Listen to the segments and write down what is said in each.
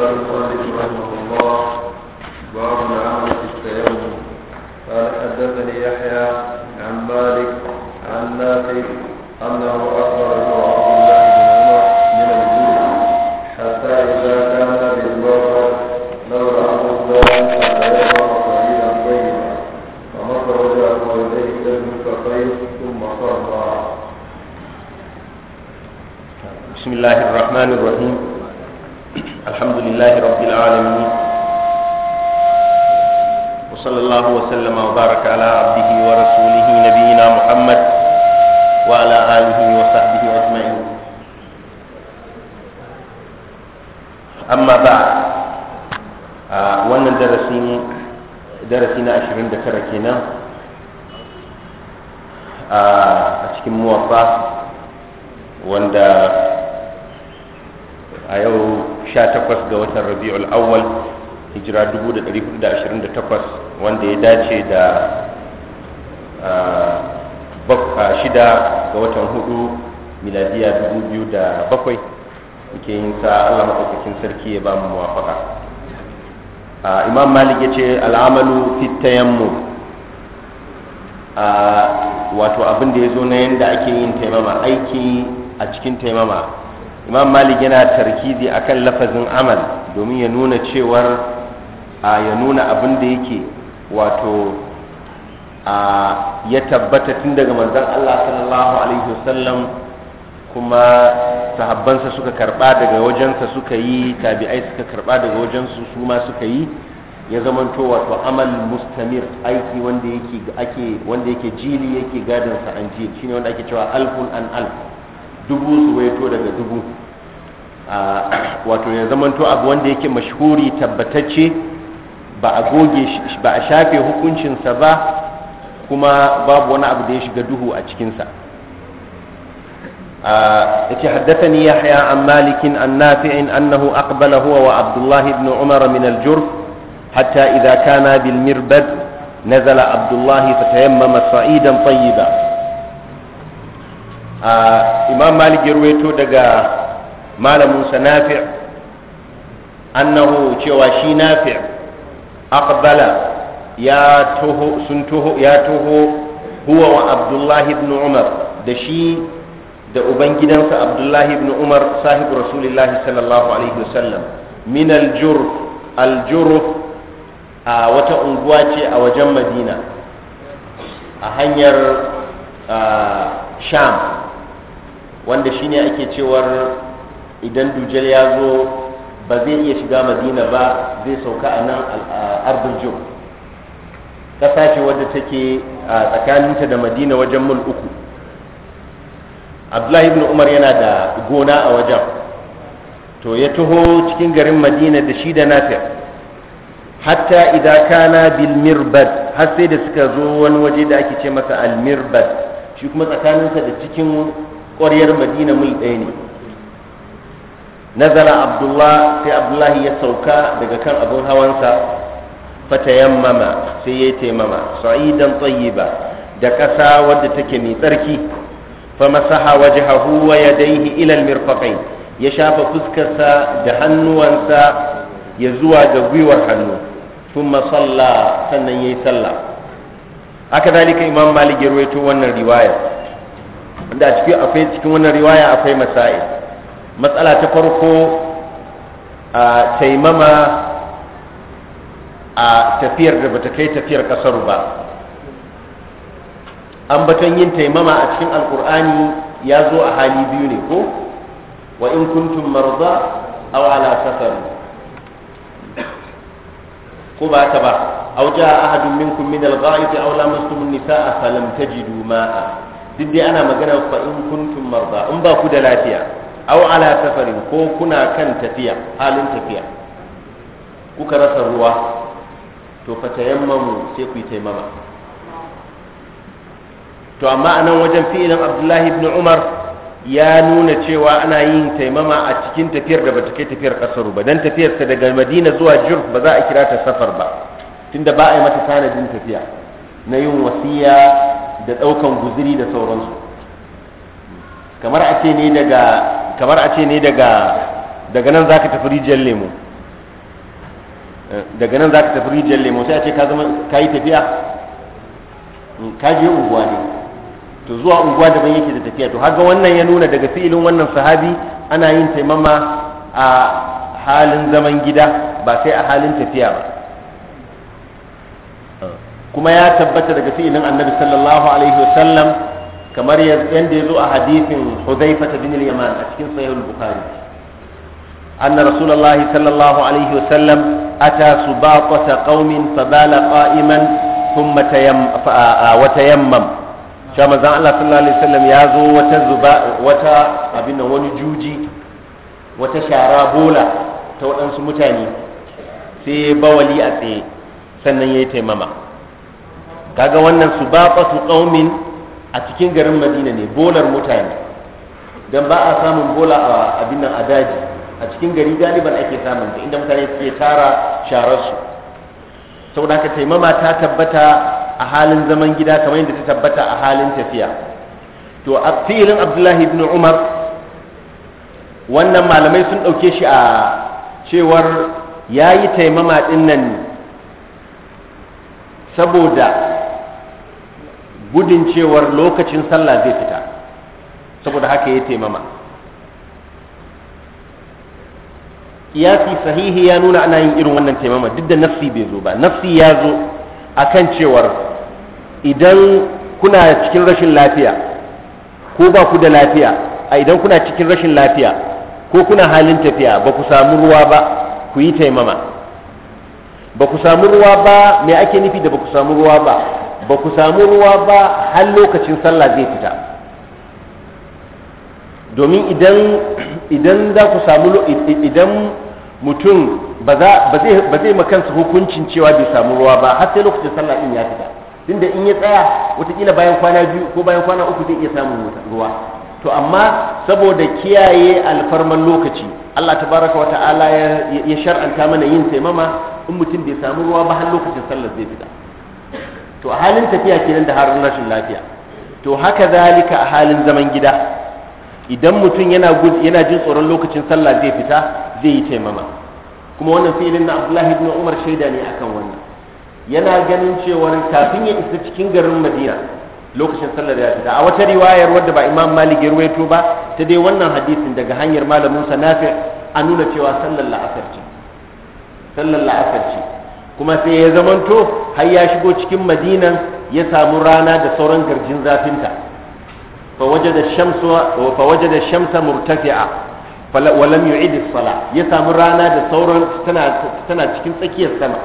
Gracias. imam malik ya ce al'amalu fi tayammum wato abin da ya na yanda ake yin taimama aiki a cikin taimama imam malik yana tarkizi akan lafazin amal domin ya nuna cewar a ya nuna abin da yake wato a ya tabbata tun daga manzon allah sallallahu alaihi wasallam kuma sahabbansa suka karba daga wajensa suka yi tabi'ai suka karba daga wajensu su ma suka yi ya zamanto wato amal mustamir aiki wanda yake ake wanda yake jili yake gadin sa an jili shine wanda ake cewa alfun an alf dubu su daga dubu wato ya zamanto abu wanda yake mashhuri tabbatacce ba a goge ba a shafe hukuncinsa ba kuma babu wani abu da ya shiga duhu a cikinsa yake haddathani yahya an malikin an nafi'in annahu aqbala huwa wa abdullahi ibn umar min al-jurf حتى إذا كان بالمربد نزل عبد الله فتيمم صعيدا طيبا آه إمام مالك يرويته دقا مال موسى نافع أنه شواشي نافع أقبل يا توه سنته يا توه هو وعبد الله بن عمر دشي da ubangidansa abdullahi ibn umar sahibu rasulillahi sallallahu alaihi wasallam min aljurf aljurf a wata unguwa ce a wajen madina a hanyar sham wanda shine ake cewar idan dujal ya zo ba zai iya shiga madina ba zai sauka a nan al'arbin jum ƙasa ce wadda take a tsakaninta da madina wajen mul uku abdullahi ibn umar yana da gona a wajen to ya taho cikin garin madina da shi da nafiya hatta idan kana bilmirbad har sai da suka zo wani waje da ake ce masa almirbad shi kuma tsakaninsa da cikin ƙwaryar madina mil ɗaya ne nazala abdullah sai abdullahi ya sauka daga kan abin hawansa fatayammama sai ya taimama sa'idan tsayiba da ƙasa wadda take mai tsarki famasaha wajhahu wa yadayhi ila al ya shafa fuskarsa da hannuwansa ya zuwa ga gwiwar hannu ثم صلى سنن يسلى هكذلك امام مالك يروي wannan riwaya wanda a cikin akwai cikin wannan riwaya akwai masail matsala ta farko a taimama a tafiyar da bata kai tafiyar kasar ba an batan yin taimama a cikin alkur'ani ya zo a hali biyu ne ko wa in kuntum marza aw ala safarin ko ba ta ba aw jaa ahadun minkum min al-gha'iti aw an nisaa lam tajidu ma'a duk ana magana fa in kuntum marda in ba ku da lafiya aw ala safarin ko kuna kan tafiya halin tafiya kuka rasa ruwa to fa tayammamu sai ku yi to amma anan wajen fi'ilin Abdullahi ibn Umar ya nuna cewa ana yin taimama a cikin tafiyar da bata kai tafiyar kasar ba dan tafiyar ta daga Madina zuwa Jurf ba za a kira ta safar ba tunda ba a yi mata sanadin tafiya na yin wasiya da daukan guzuri da sauransu kamar a ce ne daga kamar a ce ne daga daga nan zaka tafi rijiyar lemo eh, daga nan zaka tafi rijiyar lemo sai a ce ka zama kayi tafiya ka je unguwa ne to zuwa unguwa daban yake da tafiya to haka wannan ya nuna daga fi'ilin wannan sahabi ana yin taimama a halin zaman gida ba sai a halin tafiya ba kuma ya tabbata daga fi'ilin annabi sallallahu alaihi wasallam kamar yadda ya zo a hadisin Hudhaifa bin yaman a cikin sahih al-Bukhari anna ata su alaihi wasallam ata subaqata qaumin fabala qa'iman thumma tayammam sha manzon Allah sallallahu alaihi wasallam ya zo wata zuba wata abin nan wani juji wata shara bola ta waɗansu mutane sai ya bawali a tsaye sannan ya yi taimama kaga wannan su ba su ƙaumin a cikin garin madina ne bolar mutane don ba a samun bola a abin nan a daji a cikin gari galiban ake samun ta inda mutane suke tara shararsu saboda ka taimama ta tabbata a halin zaman gida kamar yadda ta tabbata a halin tafiya to a fi'ilin abdullahi ibn umar wannan malamai sun ɗauke shi a cewar ya yi taimama ɗin nan saboda gudun cewar lokacin sallah zai fita saboda haka ya taimama kiyasi sahihi ya nuna ana yin irin wannan taimama duk da nafsi bai zo ba nafsi ya zo a kan cewar idan kuna cikin rashin lafiya ko ba ku da lafiya a idan kuna cikin rashin lafiya ko kuna halin tafiya ba ku samu ruwa ba ku yi taimama ba ku samu ruwa ba me ake nufi da ba ku samu ruwa ba ba ku samu ruwa ba har lokacin sallah zai fita domin idan za ku samu idan mutum ba zai makansa hukuncin cewa bai samu ruwa ba har sai lokacin sallah in ya fita tunda in ya tsaya watakila bayan kwana biyu ko bayan kwana uku zai iya samun ruwa to amma saboda kiyaye alfarman lokaci Allah ta baraka wa ta'ala ya shar'anta mana yin taimama in mutum bai samu ruwa ba har lokacin sallar zai fita to halin tafiya kenan da harin rashin lafiya to haka zalika a halin zaman gida idan mutum yana yana jin tsoron lokacin sallah zai fita zai yi taimama kuma wannan filin na Abdullahi ibn Umar shaida ne akan wannan yana ganin cewa kafin ya isa cikin garin Madina lokacin sallar ya fita a wata riwayar wadda ba Imam Malik ya ruwaito ba ta dai wannan hadisin daga hanyar malamin sa Nafi' a nuna cewa sallar la'asar ce sallar la'asar ce kuma sai ya zamanto har ya shigo cikin Madinan ya samu rana da sauran garjin zafinta فوجد الشمس فوجد الشمس مرتفعة ولم يعيد الصلاة يسام رانا دا ثورا تنا تنا cikin tsakiyar sama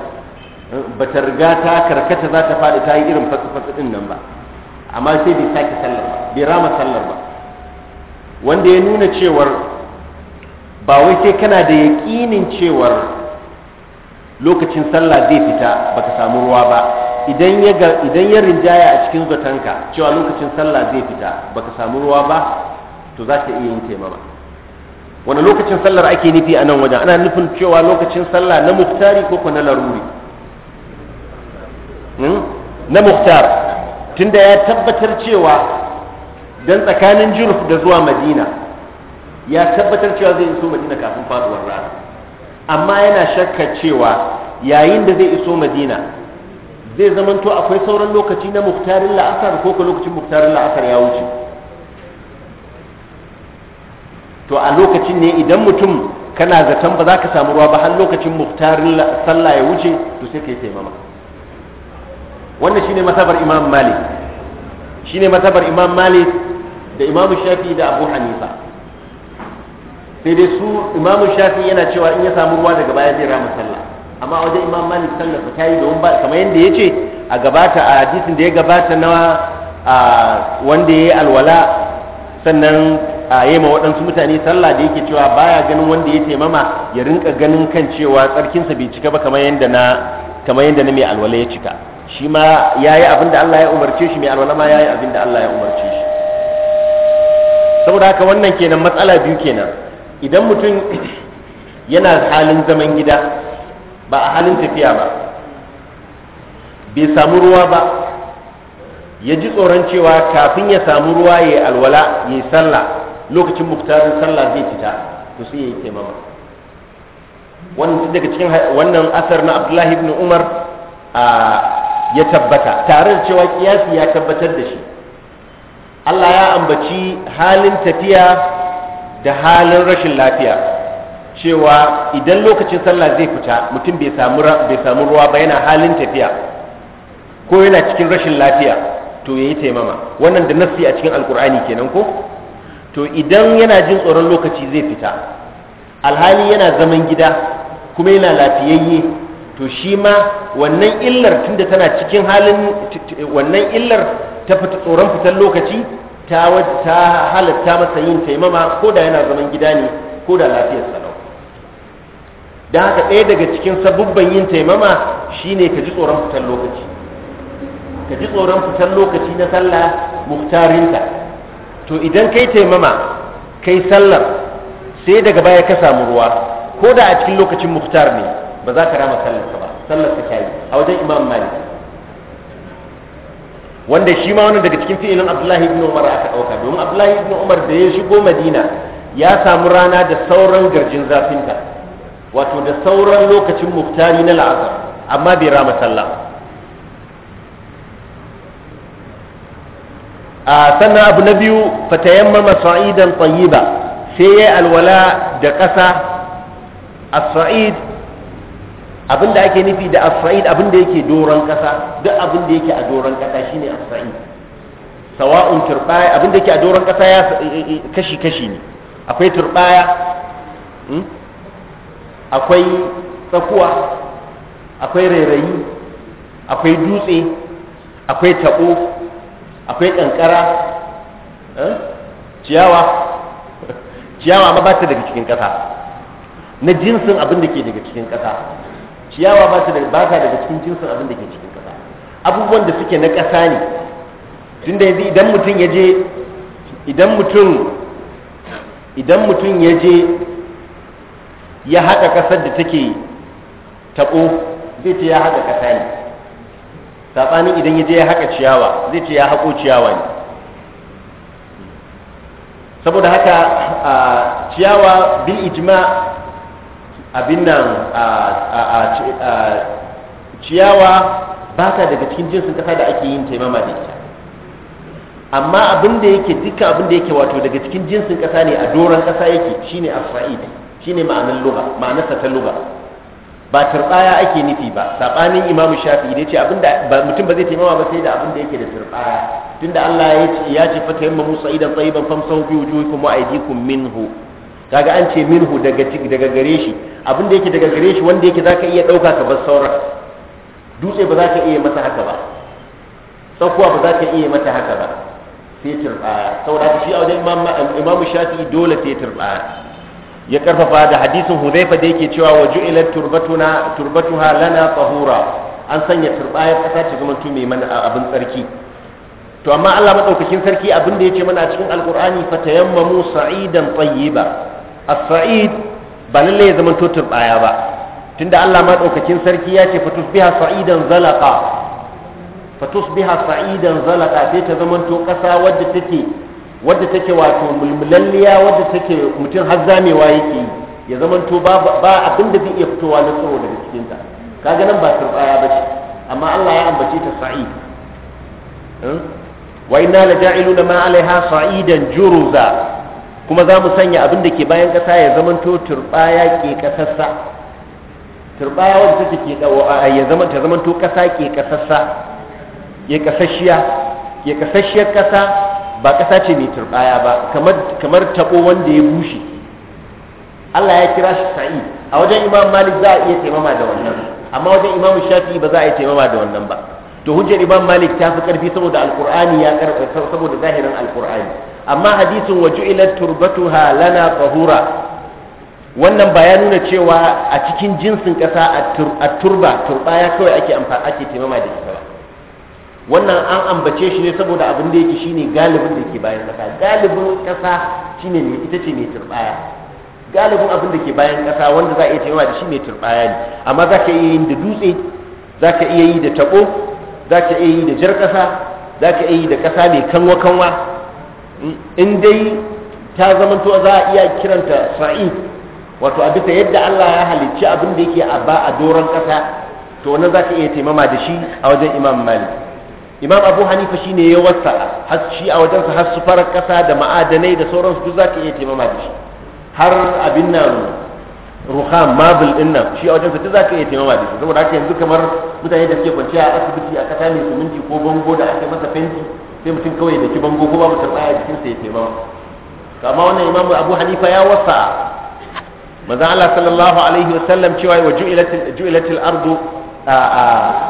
bata riga ta karkata za ta faɗi ta yi irin fasfasa din nan ba amma sai bai sake sallar ba bai rama sallar ba wanda ya nuna cewar ba wai sai kana da yaƙinin cewar lokacin sallah zai fita baka samu ruwa ba idan ya idan ya rinjaya a cikin zatanka cewa lokacin sallah zai fita baka samu ruwa ba to za ka iya yin taimama wani lokacin sallar ake nufi a nan wajen ana nufin cewa lokacin sallah na muftari ko ko na laruri hmm? na muftar tunda ya tabbatar cewa dan tsakanin juruf da zuwa madina ya tabbatar cewa zai iso madina kafin faduwar rana amma yana shakka cewa yayin da zai iso madina zai zamanto akwai sauran lokaci na muktarin la'asar ko ko lokacin muktarin la'asar ya wuce to a lokacin ne idan mutum kana zaton ba za ka samu ruwa ba har lokacin muktarin sallah ya wuce to sai ka yi taimama wannan shine masabar imam malik shine masabar imam malik da imam shafi da abu hanifa sai dai su imam shafi yana cewa in ya samu ruwa daga baya zai rama sallah amma wajen imam malik sallar ta yi domin ba kamar yadda ya ce a gabata a hadisin da ya gabata na wanda ya yi alwala sannan a yi ma waɗansu mutane sallah da yake cewa baya ganin wanda ya taimama ya rinka ganin kan cewa tsarkinsa bai cika ba kamar yadda na kamar yadda na mai alwala ya cika shi ma ya yi abin da Allah ya umarce shi mai alwala ma ya yi abin da Allah ya umarce shi saboda haka wannan kenan matsala biyu kenan idan mutum yana halin zaman gida ba a halin tafiya ba bai samu ruwa ba ya ji tsoron cewa kafin ya samu ruwa ya yi alwala ya yi sallah lokacin muktarin sallah zai fita to sai ya yi taimama wannan daga cikin wannan asar na abdullahi ibn umar ya tabbata tare da cewa kiyasi ya tabbatar da shi allah ya ambaci halin tafiya da halin rashin lafiya cewa idan lokacin sallah zai fita mutum bai samu ruwa ba yana halin tafiya ko yana cikin rashin lafiya to ya yi taimama wannan da nassi a cikin alkur'ani kenan ko to idan yana jin tsoron lokaci zai fita alhali yana zaman gida kuma yana lafiyayye to shi ma wannan illar tunda tana cikin halin wannan illar ta tsoron fitar lokaci ta halatta masa yin taimama ko da yana zaman gida ne ko da lafiyarsa lau da haka ɗaya daga cikin sabubban yin taimama shine ka ji tsoron fitar lokaci ka ji tsoron fitar lokaci na sallah muktarinta to idan kai taimama kai sallar sai daga baya ka samu ruwa ko da a cikin lokacin muktar ne ba za ka rama sallar ka ba sallar ka kyayi a wajen imam malik wanda shi ma wani daga cikin fi'ilin abdullahi ibn umar aka dauka domin abdullahi ibn umar da ya shigo madina ya samu rana da sauran garjin zafinta wato da sauran lokacin muftari na la'asar amma bai rama sallah a sannan abu na biyu fatayammama sa'idan tayyiba sai yayi alwala da ƙasa a said abinda ake nufi da as abinda abin da yake doron ƙasa duk abinda da yake a doron kasa shine as-sa'id sawa'un turbaya abinda da yake a doron kasa ya kashi kashi ne akwai turbaya hmm? akwai tsakuwa akwai rairayi akwai dutse akwai taɓo akwai ƙanƙara eh, ciyawa ciyawa ma ba ta daga cikin ƙasa na jinsin abin da ke daga cikin ƙasa ciyawa ba ta daga cikin jinsin abin da ke cikin ƙasa abubuwan da suke na ƙasa ne tun da idan mutum ya je idan mutum idan mutum ya je ya haɗa ƙasar da take taɓo zai ce ya haɗa ƙasa ne saɓanin idan ya je ya haƙa ciyawa zai ce ya haƙo ciyawa ne saboda haka ciyawa bil ijma abin nan ciyawa ba ta daga cikin jinsin ƙasa da ake yin taimama da ita amma abin da yake dukkan abin da yake wato daga cikin jinsin ƙasa ne a doron ƙasa yake shine asra'id shine ma'anar lugha ma'anarsa ta lugha ba turbaya ake nufi ba sabanin imam shafi da ce abinda ba mutum ba zai taimama ba sai da abinda yake da turbaya tunda Allah ya ce ya ce fata yamma musa idan tsayiban famsahu bi wujuhikum wa aydikum minhu kaga an ce minhu daga daga gare shi abinda yake daga gare shi wanda yake zaka iya dauka ka bar sauran dutse ba za ka iya masa haka ba tsakuwa ba za ka iya mata haka ba sai turbaya saboda shi a wajen imam shafi dole sai turbaya ya karfafa da hadisin huzaifa da yake cewa wa ju'ilat turbatuna turbatuha lana tahura an sanya turbayar kasa ta zama tume mana abin tsarki to amma Allah madaukakin sarki abin da yace mana a cikin alqur'ani fatayammamu sa'idan tayyiba as-sa'id ba lalle ya zama to turbaya ba tunda Allah madaukakin sarki ya ce fatusbiha sa'idan zalaqa fatusbiha sa'idan zalaqa sai ta zama to kasa wadda take wadda take wato mulmulalliya wadda take mutum har zamewa yake yi ya zama to ba abin da zai iya fitowa na tsoro daga cikinta kaga nan ba turbaya ba ce amma Allah ya ambace ta sa'i hmm? wa inna la ja'iluna ma 'alaiha sa'idan juruza kuma za mu sanya abin da ke bayan kasa ya zama to turbaya ke kasassa turbaya wadda take ke ya zama ta zama to kasa ke kasassa ya kasashiya ya kasashiyar kasa ba ƙasa ce mai turbaya ba kamar taɓo wanda ya bushe Allah ya kira shi sa'i a wajen imam malik za a iya taimama da wannan amma wajen imam shafi'i ba za a iya taimama da wannan ba to hujjar imam malik ta fi karfi saboda alqur'ani ya karfa saboda zahirin alkur'ani amma hadisin wa ju'ilat turbatuha lana tahura wannan ba ya nuna cewa a cikin jinsin ƙasa a turba turba ya kawai ake amfani ake taimama da ita ba wannan an ambace shi ne saboda abin da yake shine galibin da ke bayan kasa galibin kasa shine ne ita ce mai turbaya galibin abin da ke bayan kasa wanda za a iya cewa da shi mai turbaya ne amma za ka iya yin da dutse za ka iya yi da taɓo za ka iya yi da jar kasa za ka iya yi da kasa mai kanwa-kanwa in dai ta zama to za a iya kiranta sa'id wato a bisa yadda Allah ya halicci abin da yake a ba a doron kasa to wannan za ka iya taimama da shi a wajen imam malik imam abu hanifa shine ya wasa har shi a wajensa har su farar kasa da ma'adanai da sauransu duk zaka iya taimama da shi har abin nan ruham mabul din nan shi a wajensa duk zaka iya taimama da shi saboda haka yanzu kamar mutane da suke kwanciya a asibiti a kasa mai siminti ko bango da ake masa fenti sai mutum kawai da ki bango ko babu tsaya a jikin sa ya taimama amma wannan imam abu hanifa ya wasa manzon Allah sallallahu alaihi wasallam cewa wa ju'ilatil ju'ilatil ardu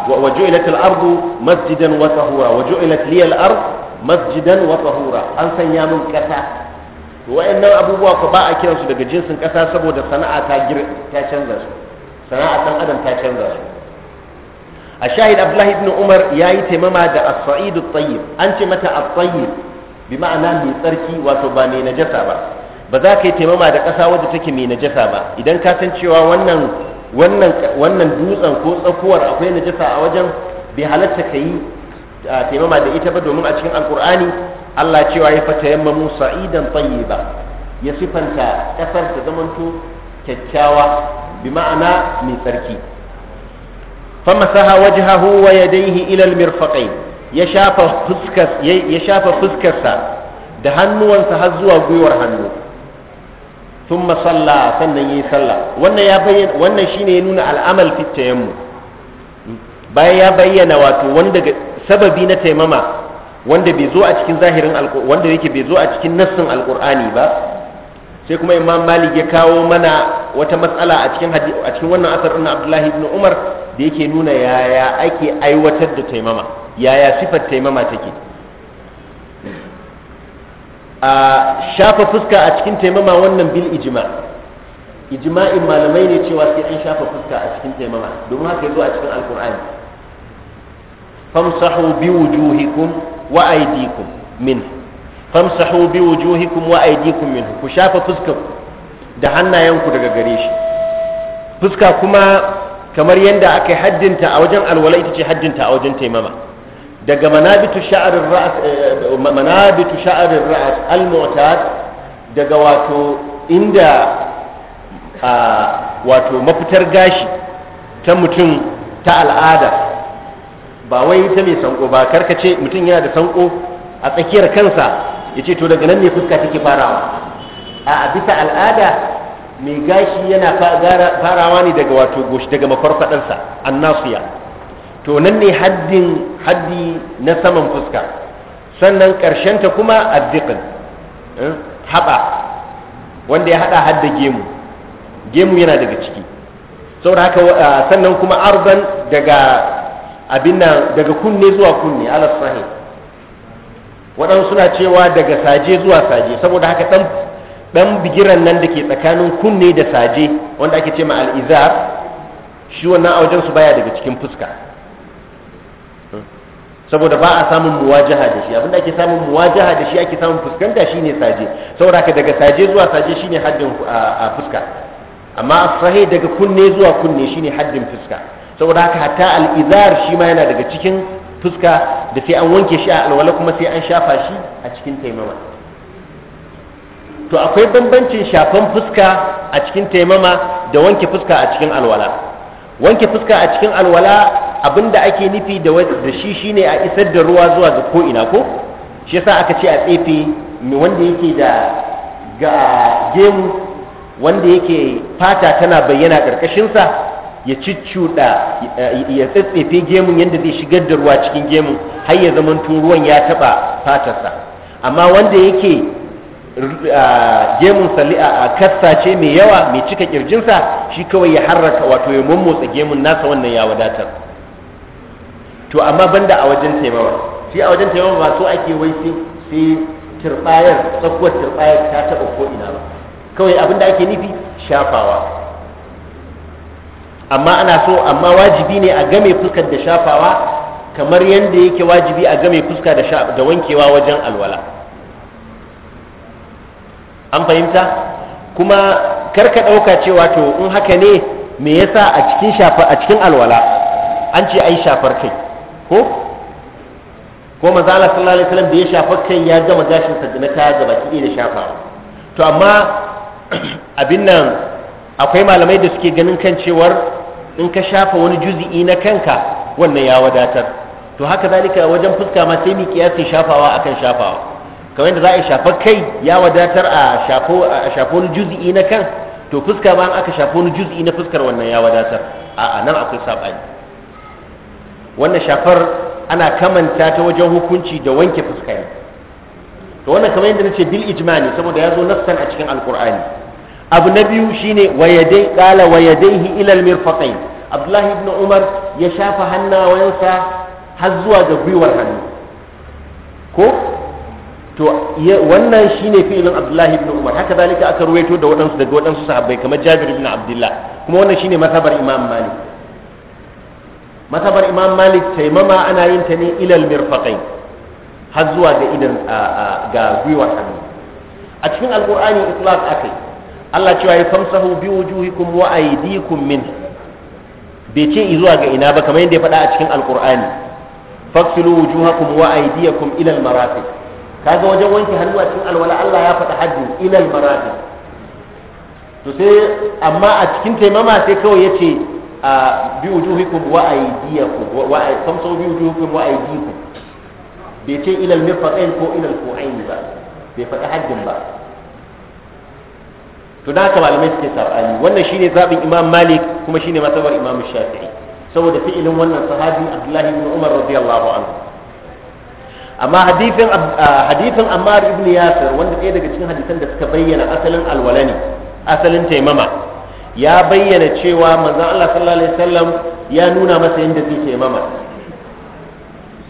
وجعلت الأرض مسجدا وطهورا وجعلت لي الأرض مسجدا وطهورا أن سنيا من كسا وإن أبو فباء كيرس دقى جنس كسا سبو دا صناعة تاجر تاشنزر صناعة أدم تاشنزر الشاهد عبد الله بن عمر ياي تماما دا الصعيد الطيب أنت متى الطيب بمعنى من تركي وتباني نجسا با ba za ka yi taimama da ƙasa wadda take mai najasa ba idan ka san cewa wannan wannan wannan dutsen ko tsakuwar akwai najasa a wajen bai halatta ka yi taimama da ita ba domin a cikin alkur'ani Allah cewa ya fata yamma musa idan ba ya sifanta ƙasar ta zamanto kyakkyawa bi ma'ana mai tsarki famasaha wajhahu wa yadayhi ila almirfaqain ya shafa fuskar ya shafa fuskarsa da hannuwansa har zuwa gwiwar hannu thumma salla sannan yi sallah wannan ya bayyana wannan shine ya nuna al'amal fi tayammum bayan ya bayyana wato wanda sababi na taimama wanda bai zo a cikin zahirin wanda yake bai zo a cikin nassin alqur'ani ba sai kuma imam malik ya kawo mana wata matsala a cikin a cikin wannan asar din abdullahi ibn umar da yake nuna yaya ake aiwatar da taimama yaya sifar taimama take a shafa fuska a cikin taimama wannan bil ijma ijma'in malamai ne cewa sai an shafa fuska a cikin taimama domin haka yazo a cikin alqur'ani famsahu bi wujuhikum wa aydikum min famsahu bi wujuhikum wa aydikum min ku shafa fuska da hannayenku daga gare shi fuska kuma kamar yadda aka haddinta a wajen alwala ita ce haddinta a wajen taimama daga manabitu sha'arin ra'as eh, eh, ra'as al-mu'tad daga wato inda wato mafitar gashi ta mutum ta al'ada ba wai ta mai sanko ba karkace mutum yana da sanko a tsakiyar kansa ya ce to daga nan ne fuska take farawa a bisa al'ada mai gashi yana farawa ne daga wato goshi daga mafarfadarsa annasiya to nan ne haddin haddi na saman fuska sannan ta kuma addiqin eh, haɓa wanda ya haɗa hadda gemu gemu yana daga ciki saboda haka sannan kuma arban daga abin nan daga kunne zuwa kunne ala sahi waɗansu suna cewa daga saje zuwa saje saboda haka ɗan dan bigiran nan da ke tsakanin kunne da saje wanda ake ce ma al'izar shi wannan a wajensu baya daga cikin fuska saboda ba a samun muwajaha da shi abinda ake samun muwajaha da shi ake samun fuskanta shine saje saboda ka daga saje zuwa saje shine haddin a fuska amma sahi daga kunne zuwa kunne shine haddin fuska saboda haka hatta al'izar shi ma yana daga cikin fuska da sai an wanke shi a alwala kuma sai an shafa shi a cikin taimama to akwai bambancin shafan fuska a cikin taimama da wanke fuska a cikin alwala wanke fuska a cikin alwala Abin da ake nufi da shi shine a isar da ruwa zuwa ga ko ina ko shi yasa aka ce a tsefe wanda yake da ga gemu wanda yake fata tana bayyana ƙarƙashinsa ya cicciuɗa ya tsatsefe gemun yadda zai shigar da ruwa cikin gemun har ya zaman tun ruwan ya taɓa fatarsa amma wanda yake gemun sali'a a kassa ce mai yawa mai cika ƙirjinsa shi kawai ya harraka wato ya mummotsa gemun nasa wannan ya wadatar to amma banda a wajen taimawa shi a wajen taimawa ba so ake wai sai turbayar tsakuwar turbayar ta taɓa ko ina ba kawai abin da ake nufi shafawa amma ana so amma wajibi ne a game fuskar da shafawa kamar yadda yake wajibi a game fuska da wankewa wajen alwala an fahimta kuma kar ka ɗauka cewa to in haka ne me yasa a cikin shafa a cikin alwala an ce ai shafar kai ko ko manzo Allah sallallahu alaihi wasallam da ya shafa kai ya gama gashin sa da na kaya gaba ki da shafa to amma abin nan akwai malamai da suke ganin kan cewar in ka shafa wani juzi'i na kanka wannan ya wadatar to haka zalika wajen fuska ma sai mi kiyasi shafawa akan shafawa kamar yadda za a shafa kai ya wadatar a shafo a shafo wani juzi'i na kan to fuska ma aka shafo wani juzi'i na fuskar wannan ya wadatar a'a nan akwai sabani wannan shafar ana kamanta ta wajen hukunci da wanke fuska ne to wannan kamar yadda nace bil ijmani saboda ya zo nassan a cikin alqur'ani abu na biyu shine wayadai qala wayadaihi ila al mirfaqain abdullahi ibn umar ya shafa hannayensa har zuwa ga gwiwar hannu ko to wannan shine fi'ilin abdullahi ibn umar haka zalika aka ruwaito da waɗansu daga waɗansu sahabbai kamar jabir ibn abdullah kuma wannan shine masabar imam malik matabar imam malik taimama ana yin ta ne ilal mirfaqai har zuwa ga idan ga gwiwar hannu a cikin alqur'ani itlaq akai Allah cewa ya famsahu bi wujuhikum wa aydikum min bai ce zuwa ga ina ba kamar yadda ya faɗa a cikin alqur'ani faksilu wujuhakum wa aydiyakum ila almarafiq kaga wajen wanke hannu a cikin alwala Allah ya faɗa haddi ila almarafiq to sai amma a cikin taimama sai kawai yace bi wujuhikum wa aydiyakum wa tamsu bi wujuhikum wa aydiyakum bai ce ilal mirfaqain ko ilal qu'ain ba bai faɗi haddin ba to malamai suke sabani wannan shine zabin imam malik kuma shine masabar imam shafi'i saboda fi'ilin wannan sahabi abdullahi ibn umar radiyallahu anhu amma hadithin hadithin ammar ibn yasir wanda ɗaya daga cikin hadisan da suka bayyana asalin alwala ne asalin taimama ya bayyana cewa manzon Allah sallallahu alaihi wasallam ya nuna masa yadda zai taimama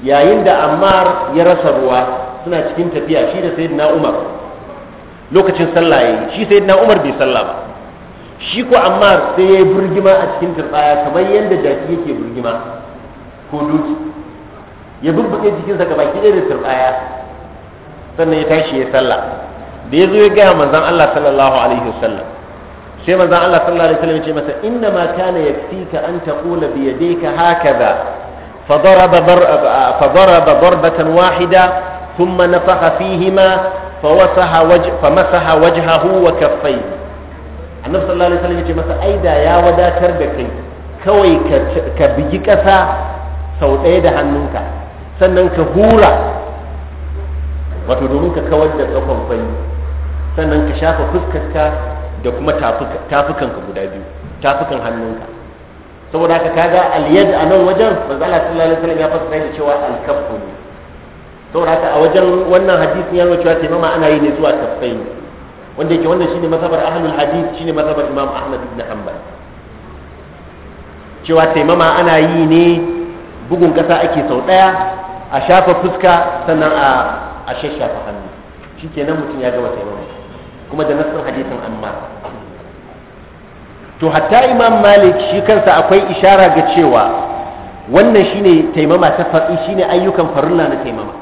yayin da Ammar ya rasa ruwa suna cikin tafiya shi da sayyidina Umar lokacin sallah yayi shi sayyidina Umar bai sallah ba shi ko Ammar sai ya burgima a cikin tsaya kamar yadda jaki yake burgima ko duki ya bubbuke jikinsa gaba baki da tsaya sannan ya tashi ya sallah da ya zo ya gaya manzon Allah sallallahu alaihi wasallam sai manzon Allah sallallahu alaihi wasallam ya ce masa inna ma kana yakfika an taqula bi yadayka hakaza فضرب فضرب annabi sallallahu alaihi wasallam ya ce masa ya wadatar da kai kawai ka bigi kasa sau ɗaya da hannunka sannan ka hura wato domin ka kawar da tsakon sannan ka shafa fuskarka da kuma tafukanka guda biyu tafukan hannunka saboda haka kaga aliyad a nan wajen manzo Allah sallallahu alaihi wasallam ya fassara da cewa al ne saboda haka a wajen wannan hadisi ya nuna cewa taimama ana yi ne zuwa kaffai wanda yake wannan shine mazhabar ahlul hadith shine mazhabar imam ahmad ibn hanbal cewa taimama ana yi ne bugun kasa ake sau daya a shafa fuska sannan a a shashafa hannu shikenan mutum ya gama taimama kuma da nassin hadisin amma to hatta imam malik shi kansa akwai ishara ga cewa wannan shine taimama ta faɗi shine ayyukan farilla na taimama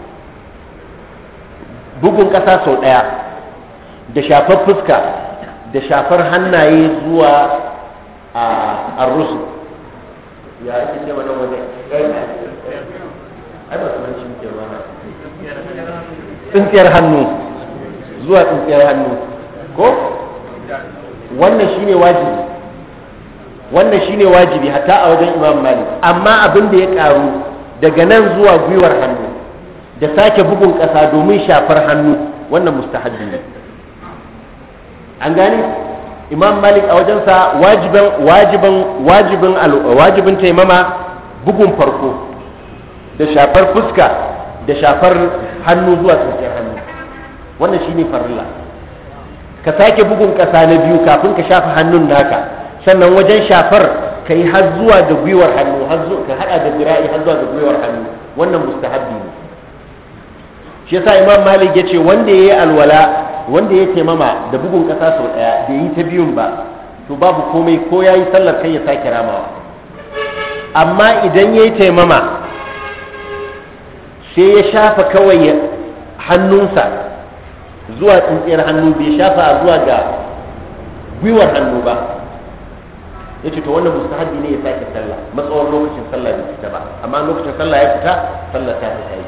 bugun ƙasa sau ɗaya da shafar fuska da shafar hannaye zuwa a arrusu ya ake ce mana waje ai ba sunan shi ke na tsintsiyar hannu zuwa tsintsiyar hannu ko wannan shine wajibi wannan shine wajibi hatta a wajen imam malik amma abin da ya karu daga nan zuwa gwiwar hannu da sake bugun ƙasa domin shafar hannu wannan mustahabbi ne an gani imam malik a wajensa wajiban wajiban wajibin wajibin taimama bugun farko da shafar fuska da shafar hannu zuwa tsakiyar hannu wannan shine farilla ka sake bugun ƙasa na biyu kafin ka shafa hannun naka sannan wajen shafar ka yi har zuwa da gwiwar hannu ka haɗa da bira'i har zuwa da gwiwar hannu wannan mustahabbi ne shi yasa imam malik ya ce wanda ya yi alwala wanda ya taimama da bugun ƙasa sau ɗaya bai yi ta biyun ba to babu komai ko ya yi sallar kai ya sake ramawa amma idan ya yi taimama sai ya shafa kawai hannunsa zuwa tsintsiyar hannu bai shafa zuwa ga gwiwar hannu ba ya ce to wannan mustahabi ne ya sake sallah matsawar lokacin sallah bai fita ba amma lokacin sallah ya fita sallah ta fita yi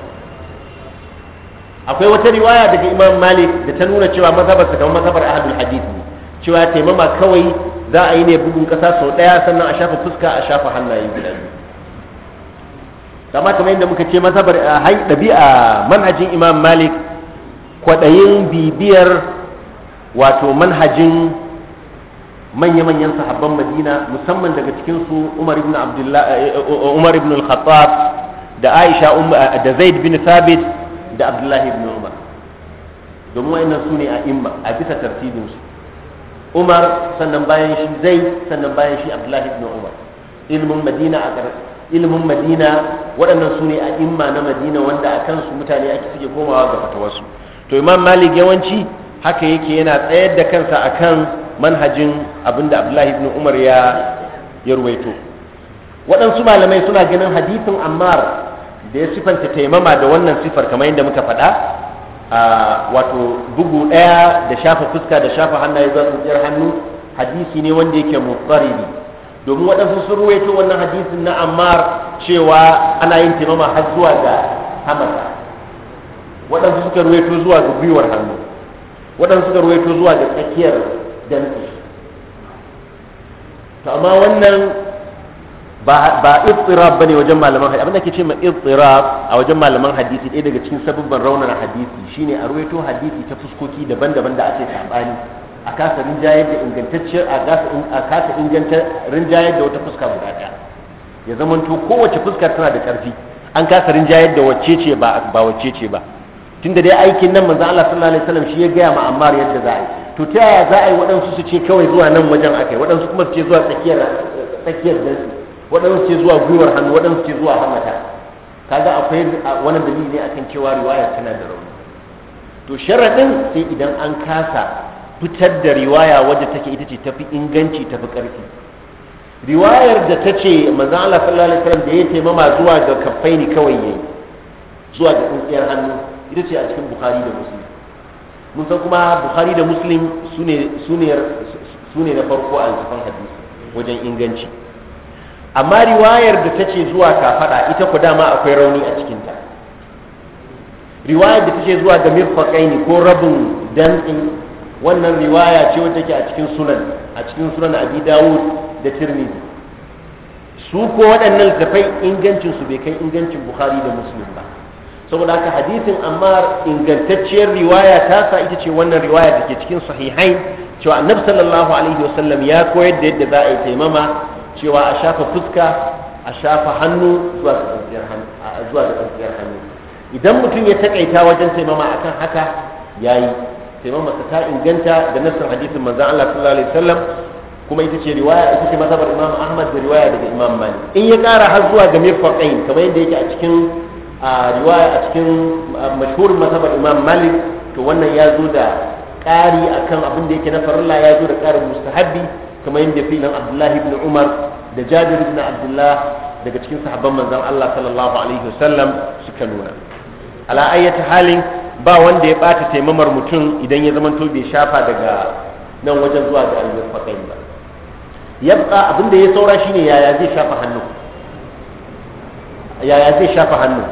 akwai wata riwaya daga imam malik da ta nuna cewa mazhabar sa kamar mazhabar ahadul hadith ne cewa taimama kawai za a yi ne bugun kasa sau daya sannan a shafa fuska a shafa hannaye gidan. biyu kama kamar yadda muka ce mazhabar eh, ɗabi'a manhajin imam malik kwaɗayin bibiyar wato manhajin manya-manyan sahabban madina musamman daga cikinsu umar ibn eh, eh, eh, umar ibn al-khattab da aisha um, da zaid bin thabit da abdullahi ibn umar domin wayannan su ne a imma a bisa tartibinsu umar sannan bayan shi zaid sannan bayan shi abdullahi ibn umar ilmin madina a ilimin madina waɗannan su ne a imma na madina wanda a kansu mutane ake suke komawa ga fatawarsu to imam malik yawanci haka yake yana tsayar da kansa a kan manhajin abinda abdullahi ibn umar ya ya ruwaito waɗansu malamai suna ganin hadithin ammar da ya sifanta taimama da wannan sifar kamar yadda muka faɗa wato bugu ɗaya da shafa fuska da shafa hannaye zuwa tsintsiyar hannu hadisi ne wanda yake mutsaribi domin waɗansu sun ruwaito wannan hadisin na ammar cewa ana yin taimama har zuwa ga hamasa waɗansu suka ruwaito zuwa ga gwiwar hannu waɗansu suka ruwaito zuwa ga tsakiyar dantse to amma wannan ba ba bane wajen malaman hadisi abinda ke ce ma ittirab a wajen malaman hadisi ɗaya daga cikin sabubban raunar hadisi shine a ruwaito hadisi ta fuskoki daban-daban da ake sabani a kasa rinjayar da ingantacciyar a kasa inganta rinjayar da wata fuska guda ɗaya ya zamanto kowace fuska tana da ƙarfi an kasa rinjayar da wacce ce ba wacce ce ba tunda dai aikin nan manzo Allah sallallahu alaihi wasallam shi ya gaya ma Ammar yadda za a yi to ta yaya za a yi waɗansu su ce kawai zuwa nan wajen akai waɗansu kuma su ce zuwa tsakiyar tsakiyar su, waɗansu su ce zuwa gwiwar hannu waɗansu su ce zuwa hamata kaga akwai wani dalili ne akan cewa riwaya tana da rauni to sharaɗin sai idan an kasa fitar da riwaya wadda take ita ce tafi inganci tafi ƙarfi riwayar da ta ce manzan Allah sallallahu alaihi wasallam da ya taimama zuwa ga kafaini kawai yayi zuwa ga tsintsiyar hannu ita ce a cikin bukhari da muslim mun san kuma bukhari da muslim su ne na farko a cikin hadisi wajen inganci amma riwayar da ta ce zuwa kafada ita ku dama akwai rauni a cikinta riwayar da ta ce zuwa ga mirfaƙaini ko rabin dantsin wannan riwaya ce wata ke a cikin sunan a cikin sunan abi dawud da tirmidhi su ko waɗannan littafai ingancinsu bai kai ingancin bukhari da muslim ba saboda haka hadisin amma ingantacciyar riwaya ta sa ita ce wannan riwaya da ke cikin sahihain cewa annabi sallallahu alaihi wasallam ya koyar da yadda za a yi taimama cewa a shafa fuska a shafa hannu zuwa da tsantsiyar hannu idan mutum ya takaita wajen taimama akan haka yayi taimama ta inganta da nassin hadisin manzon Allah sallallahu alaihi wasallam kuma ita ce riwaya ita ce mazhabar Imam Ahmad da riwaya daga Imam Malik in ya kara har zuwa ga mirfaqain kamar yadda yake a cikin a riwaya a cikin mashhur masabar imam malik to wannan ya zo da ƙari akan abin da yake na farilla ya zo da ƙarin Mustahabi kamar yadda filin abdullahi ibn umar da jabir ibn abdullah daga cikin sahabban manzan allah sallallahu alaihi wasallam suka nuna ala ayyata halin ba wanda ya bata taimamar mutum idan ya zamanto bai shafa daga nan wajen zuwa ga almirfaqain ba yabqa abin da ya saura shine yaya zai shafa hannu yaya zai shafa hannu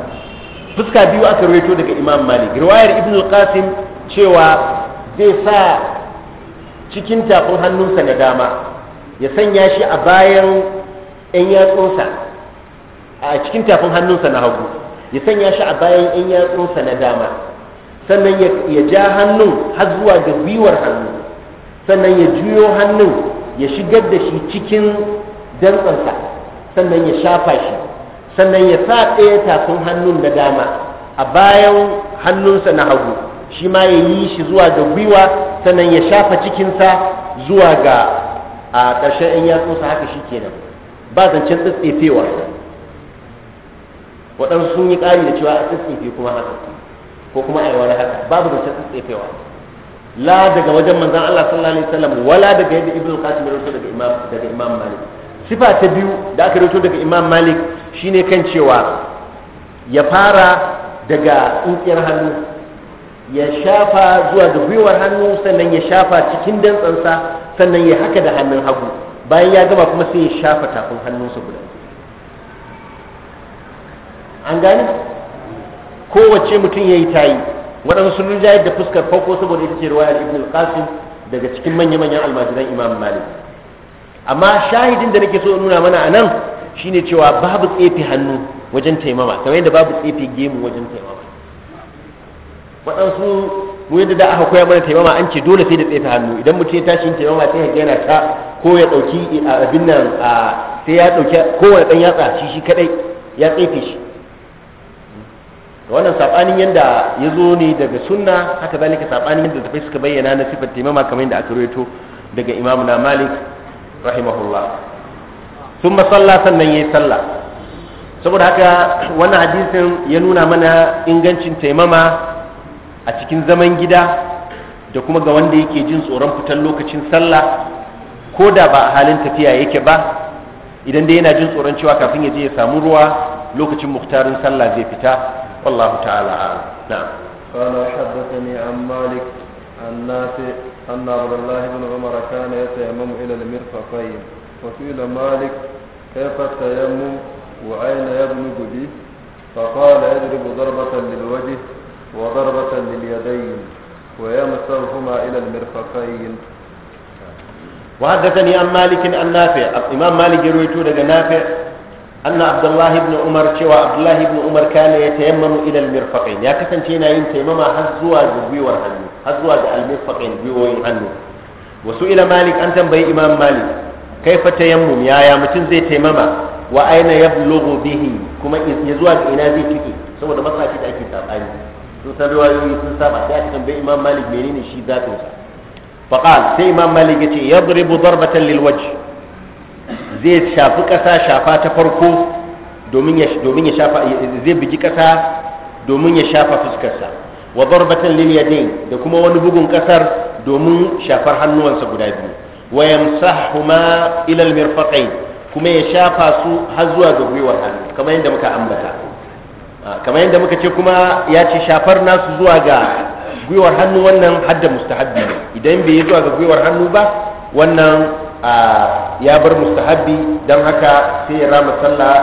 fuska biyu aka rawaito daga imam malik riwayar ibn al-qasim cewa zai sa cikin tafin hannunsa na dama ya sanya shi a bayan ɗan yatsunsa a cikin tafin hannunsa na hagu ya sanya shi a bayan 'yan yatsunsa na dama sannan ya ja hannun har zuwa ga gwiwar hannu sannan ya juyo hannun ya shigar da shi cikin dantsansa sannan ya shafa shi sannan ya sa ɗaya tafin hannun da dama a bayan hannunsa na hagu shi ma ya yi shi zuwa ga gwiwa sannan ya shafa cikinsa zuwa ga a ƙarshen 'yan yatsunsa haka shi kenan ba zancen tsitsefewa waɗansu sun yi ƙari da cewa a tsitsefe kuma haka ko kuma a yi wani haka babu zancen tsitsefewa la daga wajen manzan Allah sallallahu alaihi wasallam wala daga yadda ibnu qasim ya daga imam daga imam malik sifa ta biyu da aka rito daga imam malik shine kan cewa ya fara daga tsinkiyar hannu ya shafa zuwa da gwiwar hannu sannan ya shafa cikin dantsansa sannan ya haka da hannun hagu bayan ya gama kuma sai ya shafa tafin hannunsa guda an gani? kowace mutum ya yi tayi waɗansu sun rijayar da fuskar farko saboda ita ce ruwayar ibn al-qasim daga cikin manya-manyan almajiran imam malik amma shahidin da nake so in nuna mana a nan shine cewa babu tsefe hannu wajen taimama kamar yadda babu tsefe gemu wajen taimama waɗansu mu yadda da aka koya mana taimama an ce dole sai da tsefe hannu idan mutum ya tashi taimama sai ya yana ta ko ya ɗauki abin nan sai ya ɗauki kowane ɗan yatsa shi shi kaɗai ya tsefe shi wannan saɓanin yadda ya zo ne daga sunna haka zalika saɓanin yadda tafai suka bayyana na sifar taimama kamar yadda aka rawaito daga imamu na malik rahimahullah sun masalla sannan ya yi sallah saboda haka wannan hadisin ya nuna mana ingancin taimama a cikin zaman gida da kuma ga wanda yake jin tsoron fitan lokacin sallah ko da ba a halin tafiya yake ba idan dai yana jin tsoron cewa kafin ya je ya samu ruwa lokacin muktarin sallah zai fita wallahu ta'ala na'am أن عبد الله بن عمر كان يتيمم إلى المرفقين وسئل مالك كيف التيمم وأين يبلغ به فقال يضرب ضربة للوجه وضربة لليدين ويمسرهما إلى المرفقين وحدثني عن مالك عن نافع الإمام مالك رويته لك نافع أن عبد الله بن عمر شوى عبد الله بن عمر كان يتيمم إلى المرفقين يا كثن شينا ينتيمم حزوا جبوي ورهنو har zuwa ga almufaqin biyoyin hannu wasu ila malik an tambayi imam malik kaifa tayammum yaya mutum zai taimama wa aina ya logo bihi kuma ya zuwa ga ina zai tike saboda masafi da ake sabani sun san riwayoyi sun saba sai aka tambayi imam malik menene shi zatin sa faqal sai imam malik yace yadribu darbatan lil wajh zai shafi kasa shafa ta farko domin ya domin ya shafa zai bigi kasa domin ya shafa fuskarsa wa darbatan lil yadayn da kuma wani bugun kasar domin shafar hannuwansa guda biyu wa yamsahuma ila al mirfaqayn kuma ya shafa su har zuwa ga gwiwar hannu kamar yadda muka ambata ah, kamar yadda muka ce kuma ya ce shafar nasu zuwa ga gwiwar hannu wannan hadda mustahabbi ne idan bai yi zuwa ga gwiwar hannu ba wannan ah, ya bar mustahabbi don haka sai ya rama sallah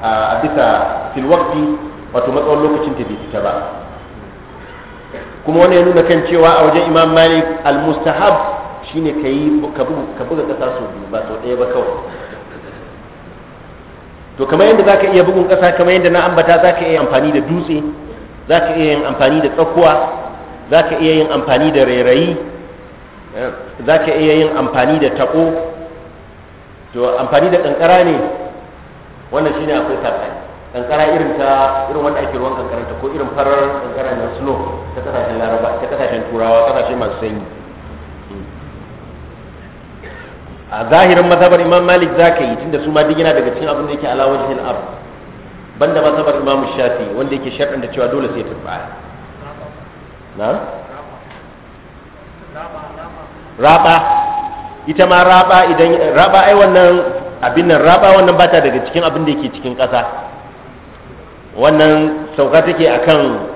ah, a bisa filwakti wato matsawon lokacin ta bai fita ba kuma wani ya nuna kan cewa a wajen imam malik al-mustahab shine ka yi ka buga ƙasa sau biyu ba sau ɗaya ba kawai to kamar yadda za ka iya bugun ƙasa kamar yadda na ambata za ka iya amfani da dutse za ka iya yin amfani da tsakuwa za ka iya yin amfani da rairayi za ka iya yin amfani da taɓo to amfani da ƙanƙara ne wannan shine akwai saɓani kankara irin ta irin wanda ake ruwan kankara ta ko irin farar kankara na snow ta kasashen laraba ta kasashen turawa kasashe masu sanyi a zahirin mazhabar imam malik za ka yi tunda su ma duk yana daga cikin abin da yake ala wajhin ab banda mazhabar imam shafi wanda yake sharɗin da cewa dole sai turbaya na raba ita ma raba idan raba ai wannan abin nan raba wannan bata daga cikin abin da yake cikin ƙasa wannan sauka take akan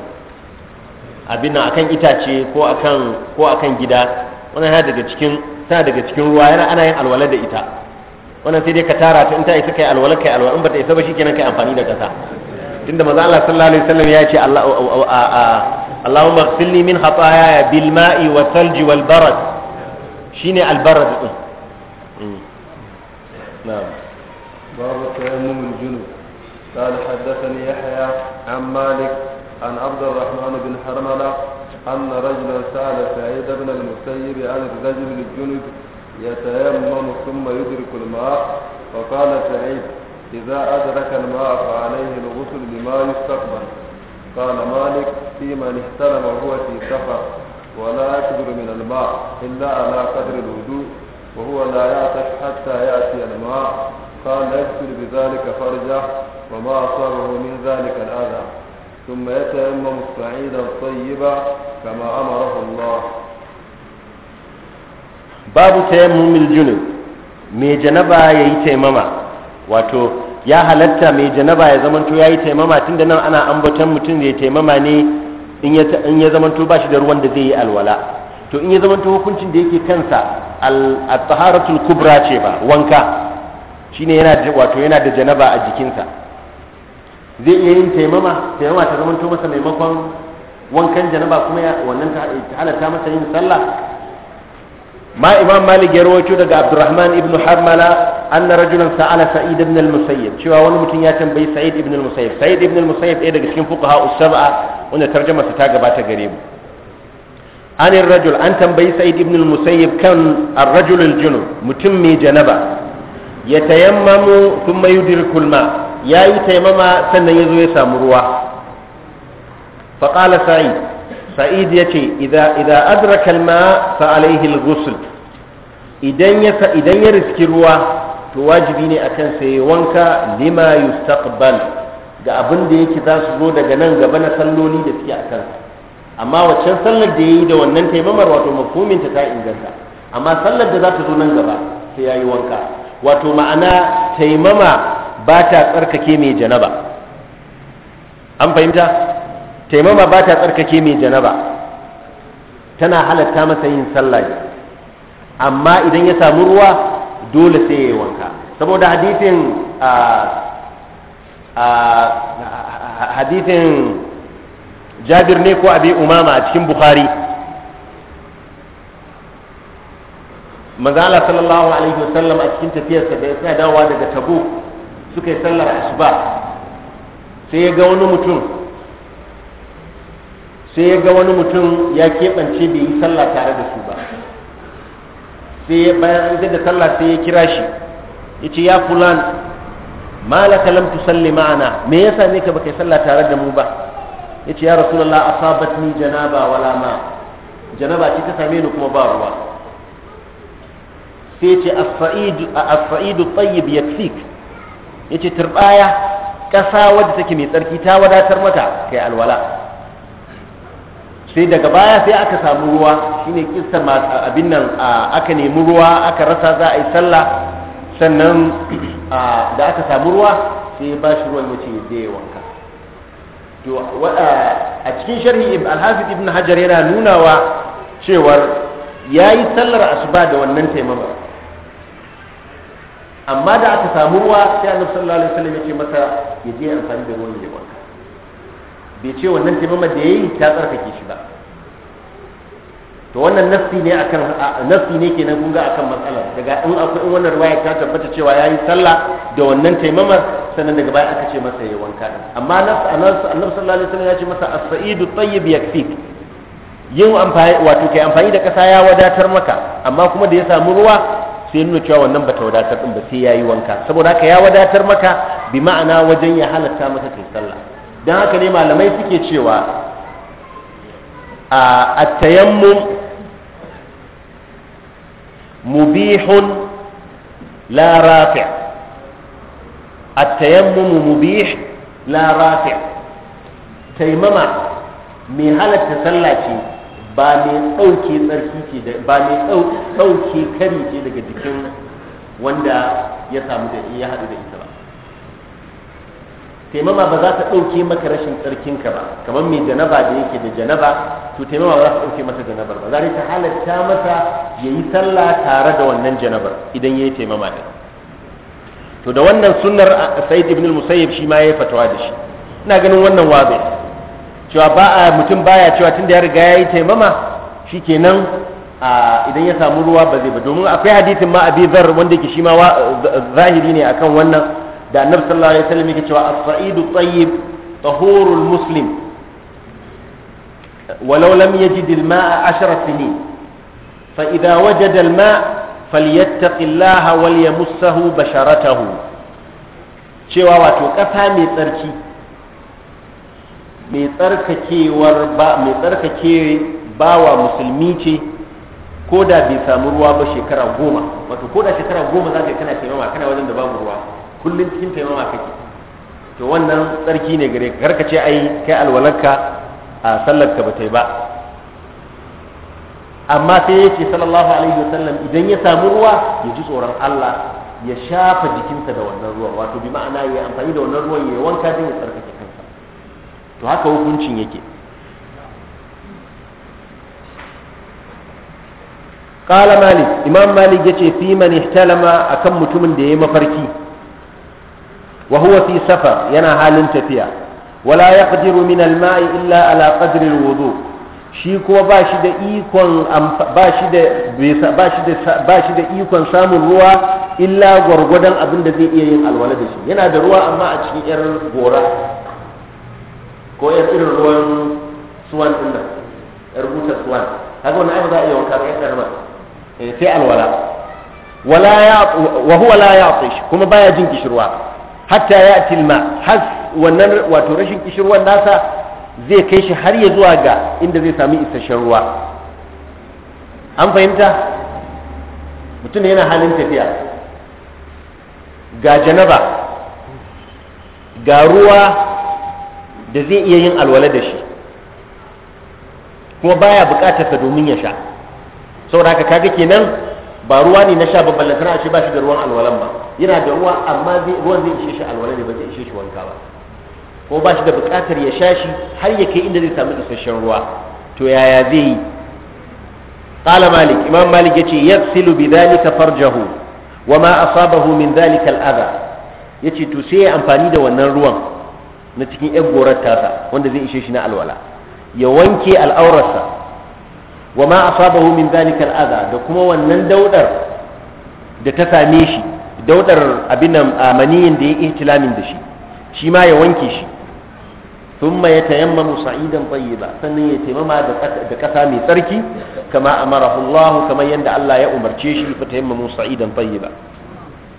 abin nan akan itace ko akan ko akan gida wannan yana daga cikin tana daga cikin ruwa yana ana yin alwala da ita wannan sai dai ka tara ta in ta isa kai alwala kai alwala in ba ta isa ba shikenan kai amfani da kasa tunda manzo Allah sallallahu alaihi wasallam ya ce Allah Allahumma ighsilni min khataaya bil ma'i wa thalji wal barad shine al barad din hmm. na'am babu tayammum junub قال حدثني يحيى عن مالك عن عبد الرحمن بن حرملة أن رجلا سأل سعيد بن المسيب عن الرجل الجنب يتيمم ثم يدرك الماء فقال سعيد إذا أدرك الماء فعليه الغسل بما يستقبل قال مالك في من احترم وهو في سفر ولا يكبر من الماء إلا على قدر الوضوء وهو لا يعطش حتى يأتي الماء قال يغسل بذلك فرجه وما أصابه من ذلك الأذى ثم يتيمم الصعيد الطيب كما أمره الله باب تيمم الجنب مي جنبا يتيمم واتو يا هلتا مي جنبا mai janaba ya zamanto ya yi taimama tun يتيمم ني in ya in ya zaman to bashi da ruwan da zai yi alwala to in ya zaman to hukuncin da yake kansa al-taharatul kubra ce ba wanka shine yana wato yana da janaba a jikinsa zai iya yin taimama taimama ta zamanto masa maimakon wankan janaba kuma ya wannan ta halatta masa yin sallah ma imam malik ya rawaito daga abdurrahman ibn harmala anna rajulan sa'ala sa'id ibn al cewa wani mutum ya tambayi sa'id ibn al sa'id ibn al ɗaya daga cikin fuqaha us-sab'a wanda tarjuma ta gabata gare mu an rajul an tambayi sa'id ibn al kan ar-rajul mutum mai janaba yatayammamu thumma yudrikul ya yi taimama sannan ya zo ya samu ruwa faƙala sa'id sa'id ya ce idan adraka alma fa alaihi al idan ya idan ya riski ruwa to wajibi ne akan sa ya wanka lima yustaqbal ga abin da yake za su zo daga nan gaba na salloli da suke a kansa amma waccan sallar da ya yi da wannan taimamar wato mafhuminta ta inganta amma sallar da za ta zo nan gaba sai ya yi wanka wato ma'ana taimama ba ta tsarkake mai janaba an fahimta taimama ba ta tsarkake mai janaba tana halatta masa yin sallah amma idan ya samu ruwa dole sai ya yi wanka saboda hadithin hadithin jabir ne ko abi umama a cikin bukhari Allah sallallahu alaihi wasallam a cikin tafiyarsa da ya dawowa daga tabuk suka yi sallar asuba sai ya ga wani mutum sai ya ga wani mutum ya keɓance bai yi sallah tare da su ba sai ya bayan an da sallah sai ya kira shi ya ce ya fulan malaka lam salli ma'ana me ya same ka baka yi sallah tare da mu ba ya ce ya rasulallah ni janaba wala ma janaba ce ta same ni kuma ba ruwa sai ce as-sa'idu as-sa'idu tayyib yaksik yace turbaya ƙasa wadda take mai tsarki ta wadatar mata kai alwala sai daga baya sai aka samu ruwa shine kissa abin nan aka nemi ruwa aka rasa za a yi sallah sannan da aka samu ruwa sai ya bashi ruwan ya da zai wanka to a cikin sharhi alhafiz ibn hajar yana nunawa cewar ya yi sallar asuba da wannan taimama amma da aka samu ruwa sai annabi sallallahu alaihi wasallam yake masa ya je amfani da ruwan ya wanka bai ce wannan taimama da yayi ta tsarkake shi ba to wannan nafsi ne akan nafsi ne kenan kun ga akan matsalar daga in akwai wannan ruwaya ta tabbata cewa yayi sallah da wannan taimamar sannan daga baya aka ce masa yayi wanka amma nafsi annabi sallallahu alaihi wasallam ya ce masa as-sa'idu tayyib yakfik yin amfani wato kai amfani da kasa ya wadatar maka amma kuma da ya samu ruwa sai nuna cewa wannan bata wadatar din ba sai yayi wanka saboda haka ya wadatar maka bi ma'ana wajen ya halatta maka kai sallah dan haka ne malamai suke cewa a at-tayammum mubihun la rafi' at-tayammum mubih la rafi' taimama mai halatta sallah ce ba mai ɗauke tsarki ce ba mai tsauke kari ce daga jikin wanda ya samu da ya haɗu da ita ba taimama ba za ta ɗauke maka rashin tsarkinka ba kamar mai janaba da yake da janaba to taimama ba za ta ɗauke masa janabar ba za ta halatta masa ya yi sallah tare da wannan janabar idan ya yi taimama da to da wannan sunnar sayyid ibn musayyib shi ma ya yi fatawa da shi ina ganin wannan wazi cewa ba a mutum baya cewa tunda ya riga ya yi taimama shikenan idan ya samu ruwa ba zai ba domin akwai hadisin ma abi zar wanda ke shi ma zahiri ne akan wannan da annabi sallallahu alaihi wasallam yake cewa as-sa'idu tayyib tahurul muslim walau lam yajid al-ma'a 10 sinin fa idha wajada al-ma' falyattaqillaha wal basharatahu cewa wato kasa mai tsarki mai tsarkakewar ba mai tsarkake bawa musulmi ce ko da bai samu ruwa ba shekara goma wato ko da shekara goma za ka kana taimama kana wajen da babu ruwa kullum cikin taimama kake to wannan tsarki ne gare ka karka ce ai kai alwalarka a sallar ka ta yi ba amma sai ya ce sallallahu alaihi wa sallam idan ya samu ruwa ya ji tsoron Allah ya shafa jikinsa da wannan ruwan wato bi ma'ana ya amfani da wannan ruwan ya wanka don ya tsarkake to haka hukuncin yake kala malik imam malik ya ce fi mani talama a kan mutumin da ya yi mafarki wa huwa fi safar yana halin tafiya wala ya min alma'i illa ala qadri shi kuma ba shi da ikon samun ruwa illa gwargwadon abin da zai iya yin alwala da shi yana da ruwa amma a cikin yar gora ko ya irin ruwan suwan din nan yar buta suwan haka wannan ai ba za a iya wanka ba yadda ba eh, sai alwala wala ya wa huwa la ya'tish kuma baya jin kishirwa hatta ya'ti alma has wannan wato rashin kishirwan nasa zai kai shi har ya zuwa ga inda zai sami isasshen ruwa an fahimta mutum yana halin tafiya ga janaba ga ruwa da zai iya yin alwala da shi kuma baya buƙatar sa domin ya sha saboda haka kaga kenan ba ruwa ne na sha ba ballan shi ba shi da ruwan alwalan ba yana da ruwa amma ruwan zai ishe shi alwala ne ba zai ishe shi wanka ba ko ba shi da buƙatar ya sha shi har ya kai inda zai samu isasshen ruwa to yaya zai yi قال مالك إمام مالك يتي يغسل بذلك فرجه وما أصابه من ذلك الأذى يتي تسيه أمفاني دا ونن ruwan. na cikin yan gorar tasa wanda zai ishe shi na alwala ya wanke al'aurarsa wa ma asabahu min zalika al'aza da kuma wannan daudar da ta same shi daudar abin amaniyin da ya ihtilamin da shi shi ma ya wanke shi thumma yatayammamu sa'idan tayyiba sannan ya taimama da kasa mai tsarki kama amarahu Allah kamar yanda Allah ya umarce shi fa tayammamu sa'idan tayyiba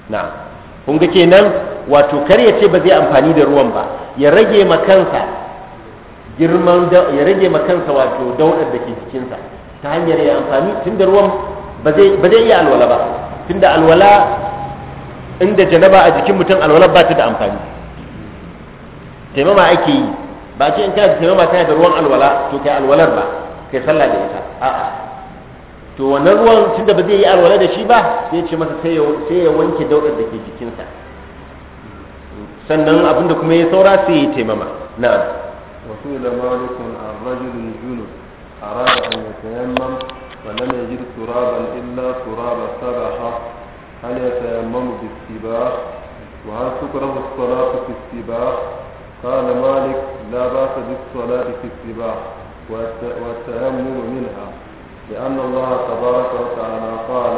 na'am kun ga kenan wato kar ya ce ba zai amfani da ruwan ba ya rage ma kansa girman ya rage ma kansa wato daudar da ke jikinsa ta hanyar ya amfani tun da ruwan ba zai iya alwala ba tun da alwala inda janaba a jikin mutum alwala ba ta da amfani taimama ake yi ba ce in kana da taimama tana da ruwan alwala to kai alwalar ba kai sallah da ita a'a to wannan ruwan tunda ba zai yi alwala da shi ba sai ya ce masa sai ya wanke daudar da ke jikinsa sannan abinda kuma ya saura sai ya taimama na'am wa su'ila malikun ar-rajul junub arada an yatayammam wa lam yajid turaban illa turaba sabaha hal yatayammam bi istibah wa hal tukrahu as-salatu fi istibah قال مالك لا بأس بالصلاة في السباع والتأمم منها لأن الله تبارك وتعالى قال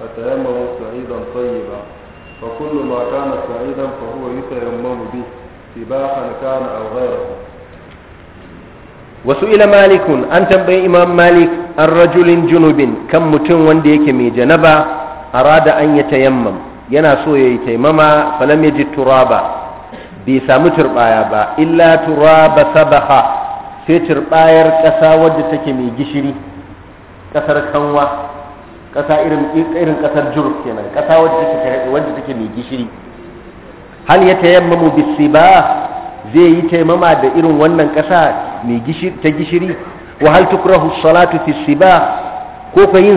فتيمموا سعيدا طيبا فكل ما كان سعيدا فهو يتيمم به سباحا كان أو غيره وسئل مالك أن تنبي إمام مالك عن رجل جنوب كم متن ونديك مي جنبا أراد أن يتيمم yana so ya yi taimama falam ya ji turaba bai samu turbaya ba illa turaba sabaha sai turbayar ƙasa wadda take mai gishiri kasar kanwa kasa irin irin kasar jurf kenan kasa wadda take wadda take mai gishiri hal ya tayammamu bisiba zai yi taimama da irin wannan kasa mai gishiri ta gishiri wa hal tukrahu salatu fi siba ko fa yin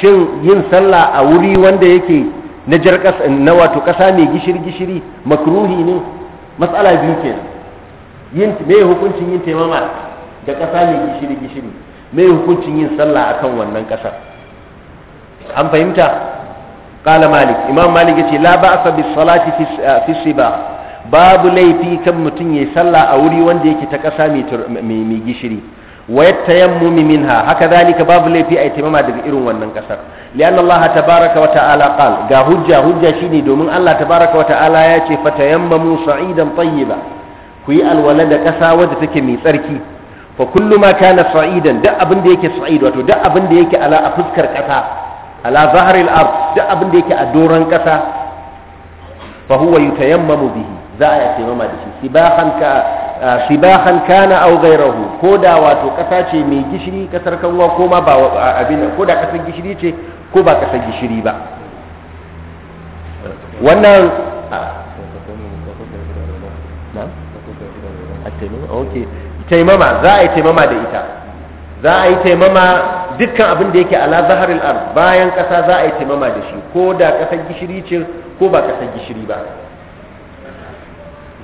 shin yin sallah a wuri wanda yake na jar kasa na wato kasa mai gishiri gishiri makruhi ne matsala biyu kenan yin me hukuncin yin taimama da kasa mai gishiri gishiri mai hukuncin yin sallah akan wannan kasar an fahimta kala malik imam malik yace la ba'sa bis salati fi siba babu laifi kan mutum yayi sallah a wuri wanda yake ta kasa mai gishiri wa yattayammumi minha haka zalika babu laifi a taimama daga irin wannan kasar lian Allah tabaraka wa ta'ala qal ga hujja hujja shine domin Allah tabaraka wa ta'ala ya ce fatayammamu sa'idan tayyiba ku yi alwala da kasa wadda take mai tsarki fa kullu ma kana sa'idan duk abin da yake sa'id wato duk abin da yake ala a fuskar kasa ala zahril ard duk abin da yake a doran kasa fa huwa yutayammamu bihi za a yace mama da shi sibahan ka sibahan kana aw ko da wato kasa ce mai gishiri kasar kanwa ko ma ba abin da kasar gishiri ce ko ba kasar gishiri ba wannan taimama za a yi taimama da ita za a yi taimama dukkan abin da yake ala zaharil ard bayan ƙasa za a yi taimama da shi ko da ƙasar gishiri ce ko ba ƙasar gishiri ba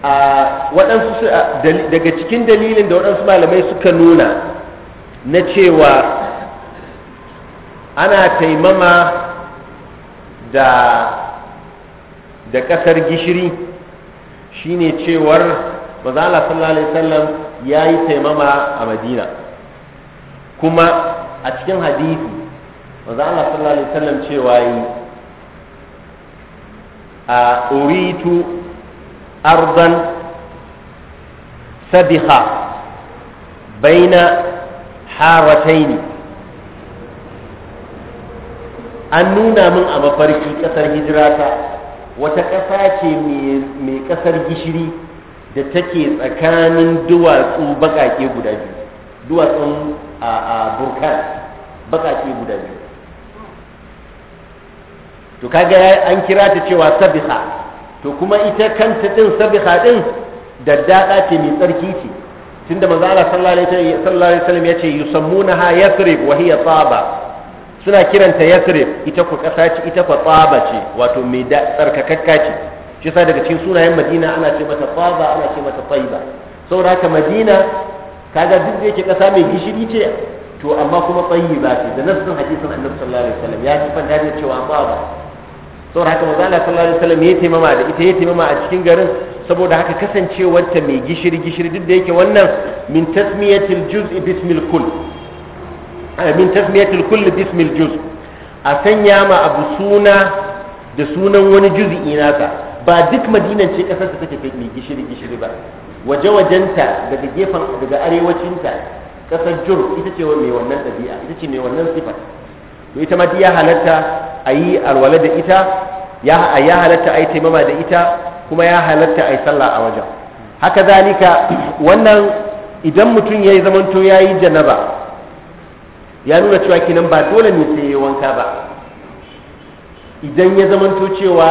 a waɗansu daga cikin dalilin da waɗansu malamai suka nuna na cewa ana taimama da da ƙasar gishiri shine cewar manzo sallallahu alaihi wasallam yayi taimama a Madina kuma a cikin hadisi manzo sallallahu alaihi wasallam cewa yi a uritu ardan sabiha baina harataini an nuna min a mafarki kasar hijirata wata ƙasa ce mai ƙasar gishiri da take tsakanin duwatsu bakake guda biyu duwatsun a burkan bakake guda biyu to kaga an kira ta cewa sabiha to kuma ita kanta din sabiha din dada ce mai tsarki ce tunda manzo Allah sallallahu alaihi wasallam yace yusammunaha yasrib wa hiya taba suna kiranta yasrib ita ku kasa ce ita ku tsaba ce wato mai da tsarkakakka ce shi sa daga cikin sunayen madina ana ce mata faba ana ce mata taiba saboda haka madina kaga duk da yake kasa mai gishiri ce to amma kuma ba ce da nassin hadisin annabi sallallahu alaihi wasallam ya sifanta da cewa faba saboda haka manzo Allah sallallahu alaihi wasallam ya taimama da ita ya taimama a cikin garin saboda haka kasancewar ta mai gishiri gishiri duk da yake wannan min tasmiyatil juz bismil kull min tasmiyatil kull bismil juz' a sanya ma abu suna da sunan wani juz'i naka ba duk madinan ce kasar ta take mai gishiri gishiri ba waje wajenta daga gefen daga arewacinta kasar jur ita ce mai wannan ɗabi'a ita ce mai wannan to ita ma ya halatta a yi alwala da ita ya ya halatta a yi taimama da ita kuma ya halatta a yi sallah a wajen haka zalika wannan idan mutum ya yi zamanto ya yi janaba ya nuna cewa kinan ba dole ne sai ya wanka ba idan ya zamanto cewa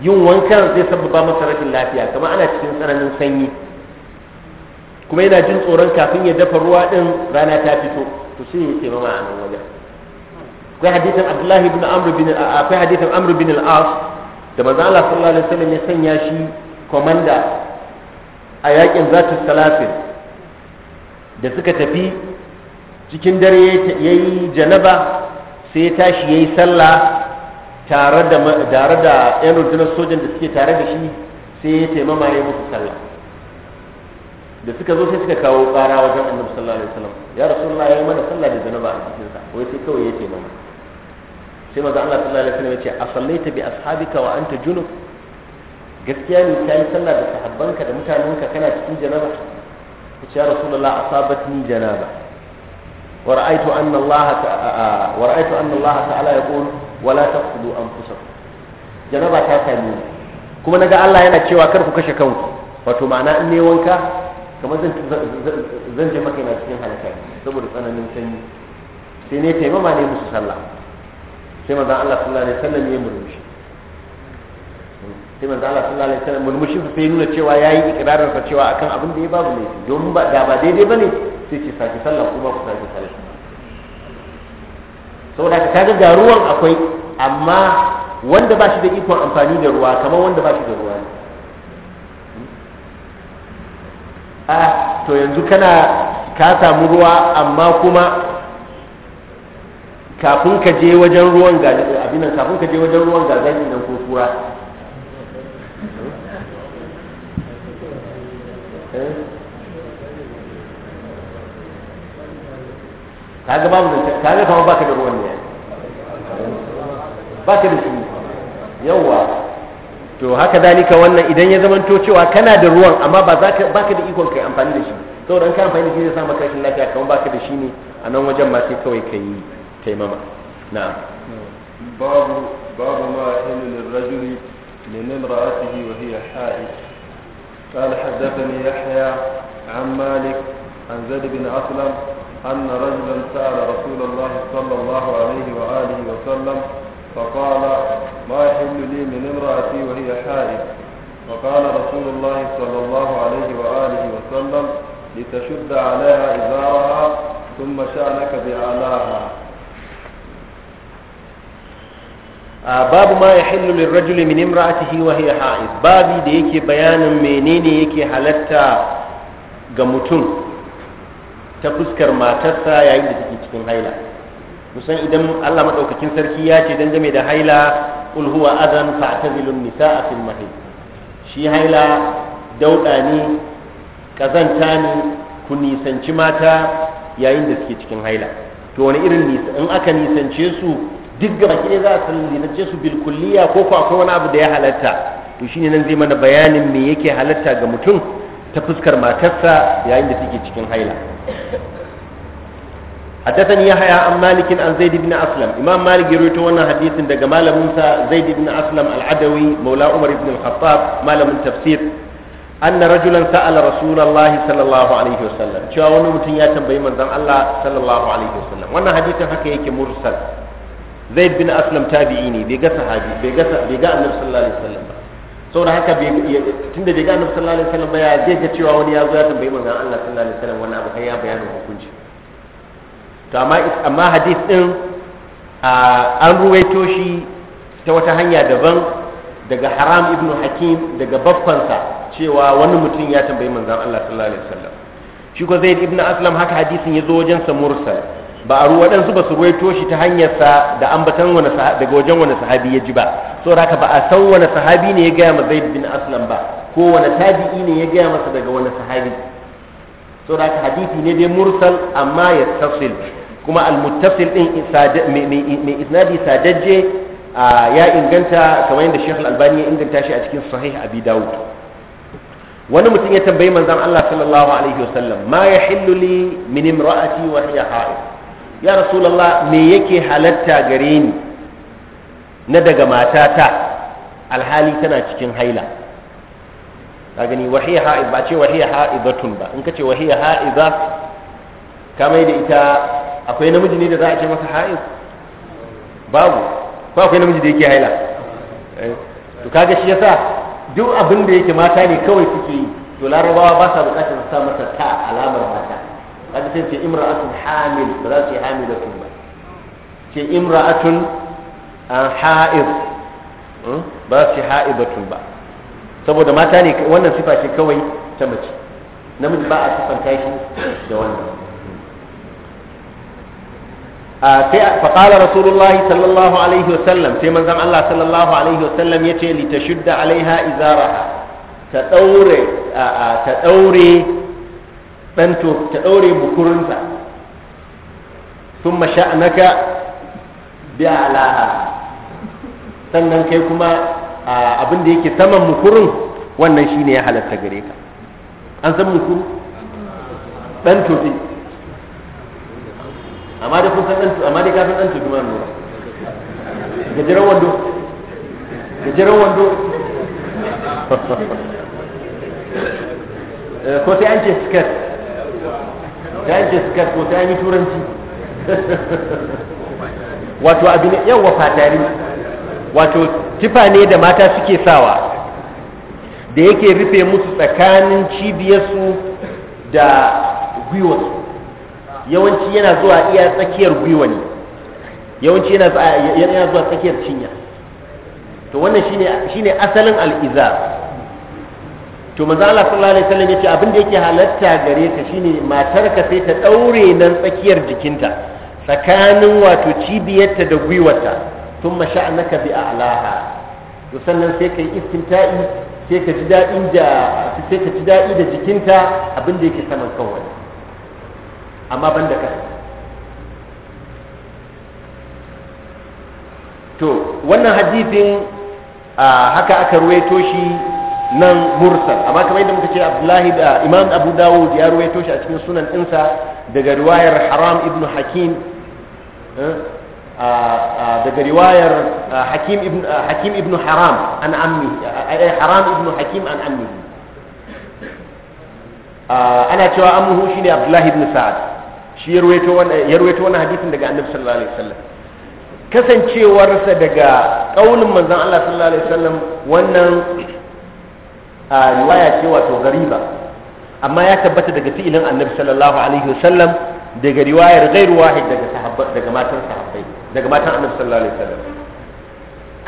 yin wankan zai sababa masa rashin lafiya kamar ana cikin tsananin sanyi kuma yana jin tsoron kafin ya dafa ruwa din rana ta fito to shi ne taimama a nan wajen akwai hadithin abdullahi ibn amr bin akwai amr bin al-as da manzo Allah sallallahu alaihi wasallam ya sanya shi komanda a yakin zatu salasin da suka tafi cikin dare yayi janaba sai ya tashi yayi sallah tare da tare da yan rundunar sojan da suke tare da shi sai ya ma ya musu sallah da suka zo sai suka kawo ƙara wajen annabi sallallahu alaihi wasallam ya rasulullah ya yi mana sallah da zanaba a cikin sa wai sai kawai ya taimama sai manzo Allah sallallahu alaihi wasallam ya ce a ta bi ashabika wa anta junub gaskiya ne ka yi sallah da sahabbanka da mutanenka kana cikin janaba ya ce ya rasulullah asabatni janaba ورأيت أن الله ورأيت أن الله تعالى يقول wala taqtulu anfusakum janaba ta sami kuma naga Allah yana cewa kar ku kashe kanku wato ma'ana in ne wanka kamar zan zan je maka na cikin halaka saboda tsananin sanyi sai ne taimama ne musu sallah sai manzon Allah sallallahu alaihi wasallam ya murmushi sai manzo Allah sallallahu alaihi wasallam murmushin sai nuna cewa yayi ikrarin sa cewa akan abin da ya babu ne don ba da ba daidai bane sai ce saki sallah kuma ku saki sallah saboda ka kaga ga ruwan akwai amma wanda ba shi da ikon amfani da ruwa kamar wanda ba shi da ruwa a ah, to yanzu kana ka samu ruwa amma kuma kafin ka je wajen ruwan ga abinan kafin ka je wajen ruwan ga zaki nan ko kura eh kaga babu zance kaga kamar baka da ruwan ne baka da shi yawa to haka dalika wannan idan ya zamanto cewa kana da ruwan amma ba za ka baka da ikon kai amfani da shi saboda in ka amfani da shi zai sa maka rashin lafiya kamar baka da shi ne a nan wajen ma sai kawai ka yi taimama na'am babu babu ma ilil rajuli min imra'atihi wa hiya ha'id قال حدثني يحيى عن مالك عن زيد بن أسلم أن رجلا سأل رسول الله صلى الله عليه وآله وسلم فقال ما يحل لي من امرأتي وهي حائض فقال رسول الله صلى الله عليه وآله وسلم لتشد عليها إزارها ثم شأنك بأعلاها آه، باب ما يحل للرجل من امرأته وهي حائض بابي ديك بيان bayanin يكي حلتا halatta ta fuskar matarsa yayin da take cikin haila musan idan Allah madaukakin sarki ya ce dangane da haila kul huwa adan fa'tazilun nisaa fil mahid shi haila dauda ne kazanta ne ku nisanci mata yayin da suke cikin haila to wani irin nisa in aka nisance su duk gaba ki za a nisance su bil kulliya ko ko akwai wani abu da ya halatta to shine nan zai mana bayanin me yake halatta ga mutum ta fuskar matarsa yayin da take cikin haila حدثني يحيى عن مالك عن زيد بن اسلم امام مالك يروي وانا حديث daga malamin sa زيد بن اسلم العدوي مولى عمر بن الخطاب malamin tafsir anna rajulan sa'ala rasulullahi sallallahu alaihi cewa wani mutum ya tambayi manzon Allah sallallahu alaihi wannan hadisin haka yake mursal zaid bin aslam tabi'i ne bai ga sahabi bai ga annabi sallallahu alaihi saboda haka da bai ga annabi sallallahu alaihi wasallam ba ya zai ga cewa wani ya zo ya tambayi manzon Allah sallallahu alaihi wasallam wani abu kai ya bayanin hukunci to amma amma hadith din an ruwaito shi ta wata hanya daban daga haram ibn hakim daga baffansa cewa wani mutum ya tambayi manzon Allah sallallahu alaihi wasallam shi ko zaid ibn aslam haka hadisin ya zo wajen sa mursal ba a waɗansu ba su ruwaito shi ta hanyarsa da ambatan wani daga wajen wani sahabi ya ji ba so haka ba a san wani sahabi ne ya gaya ma zaid bin aslam ba ko wani tabi'i ne ya gaya masa daga wani sahabi so haka hadisi ne dai mursal amma ya tasil kuma al-muttasil din mai isnadi sadajje ya inganta kamar yadda Sheikh Al-Albani ya inganta shi a cikin Sahih Abi Dawud wani mutum ya tambayi manzon Allah sallallahu alaihi wasallam ma yahillu li min imra'ati wa hiya ha'id ya rasulullah me yake halatta gare ni na daga matata alhali tana cikin haila ka gani wahiya ha'id ba ce wahiya ha'idatun ba in ka ce wahiya ha'iza ka mai da ita akwai namiji ne da za a ce masa ha'id babu ko akwai namiji da yake haila eh. to kaga shi yasa duk abin da yake mata ne kawai suke yi to larabawa ba sa bukatar sa masa ta alamar mata kaga sai ce imra'atun hamil ba za su yi hamilatun ba ce imra'atun ha'ib hmm? ba za su yi ha'ibatun ba saboda mata ne wannan sifa ce kawai ta mace namiji ba a sifanta kashi da wannan فقال رسول الله صلى الله عليه وسلم في منزل الله صلى الله عليه وسلم يتي لتشد عليها إزارها ta تدوري dan to ta daure bukurinsa thumma sha'anaka bi alaha sannan kai kuma abin da yake saman mukurin wannan shine ya halatta gare ka an san mukuru dan tofi amma da kun san dan amma da kafin dan tofi ma nura gajeren wando gajeren wando eh, ko sai an ce skirt ta yanke suka ta yi turanci wato abin wafa fatari wato tifa ne da mata suke sawa da yake rufe musu tsakanin cibiyarsu da gwiwarsu yawanci yana zuwa iya tsakiyar gwiwa ne yawanci yana zuwa tsakiyar cinya to wannan shine shine asalin al'izar to manzo Allah sallallahu alaihi wasallam yace abin da yake halatta gare ta shine matar ka sai ta daure nan tsakiyar jikinta tsakanin wato cibiyarta da gwiwarta thumma sha'naka bi a'laha to sannan sai kai istimta'i sai ka ji dadin da sai ka ji dadi da jikinta abin da yake saman kawai amma ban da kai to wannan hadisin haka aka ruwaito shi nan mursal amma kamar yadda muka ce abdullahi da imam abu dawud ya ruwaito shi a cikin sunan insa daga riwayar haram ibn hakim eh, daga riwayar hakim ibn haram an ammi haram ibn hakim an ammi ana cewa ammuhu shine abdullahi ibn sa'ad shi ya ruwaito wannan hadisin daga annabi sallallahu alaihi wasallam kasancewarsa daga kaulin manzon Allah sallallahu alaihi wasallam wannan A riwaya ce wato gariba amma ya tabbata daga fi'ilin annabi sallallahu alaihi wasallam daga riwayar ghairu wahid daga sahabba daga matan sahabbai daga matan annabi sallallahu alaihi wasallam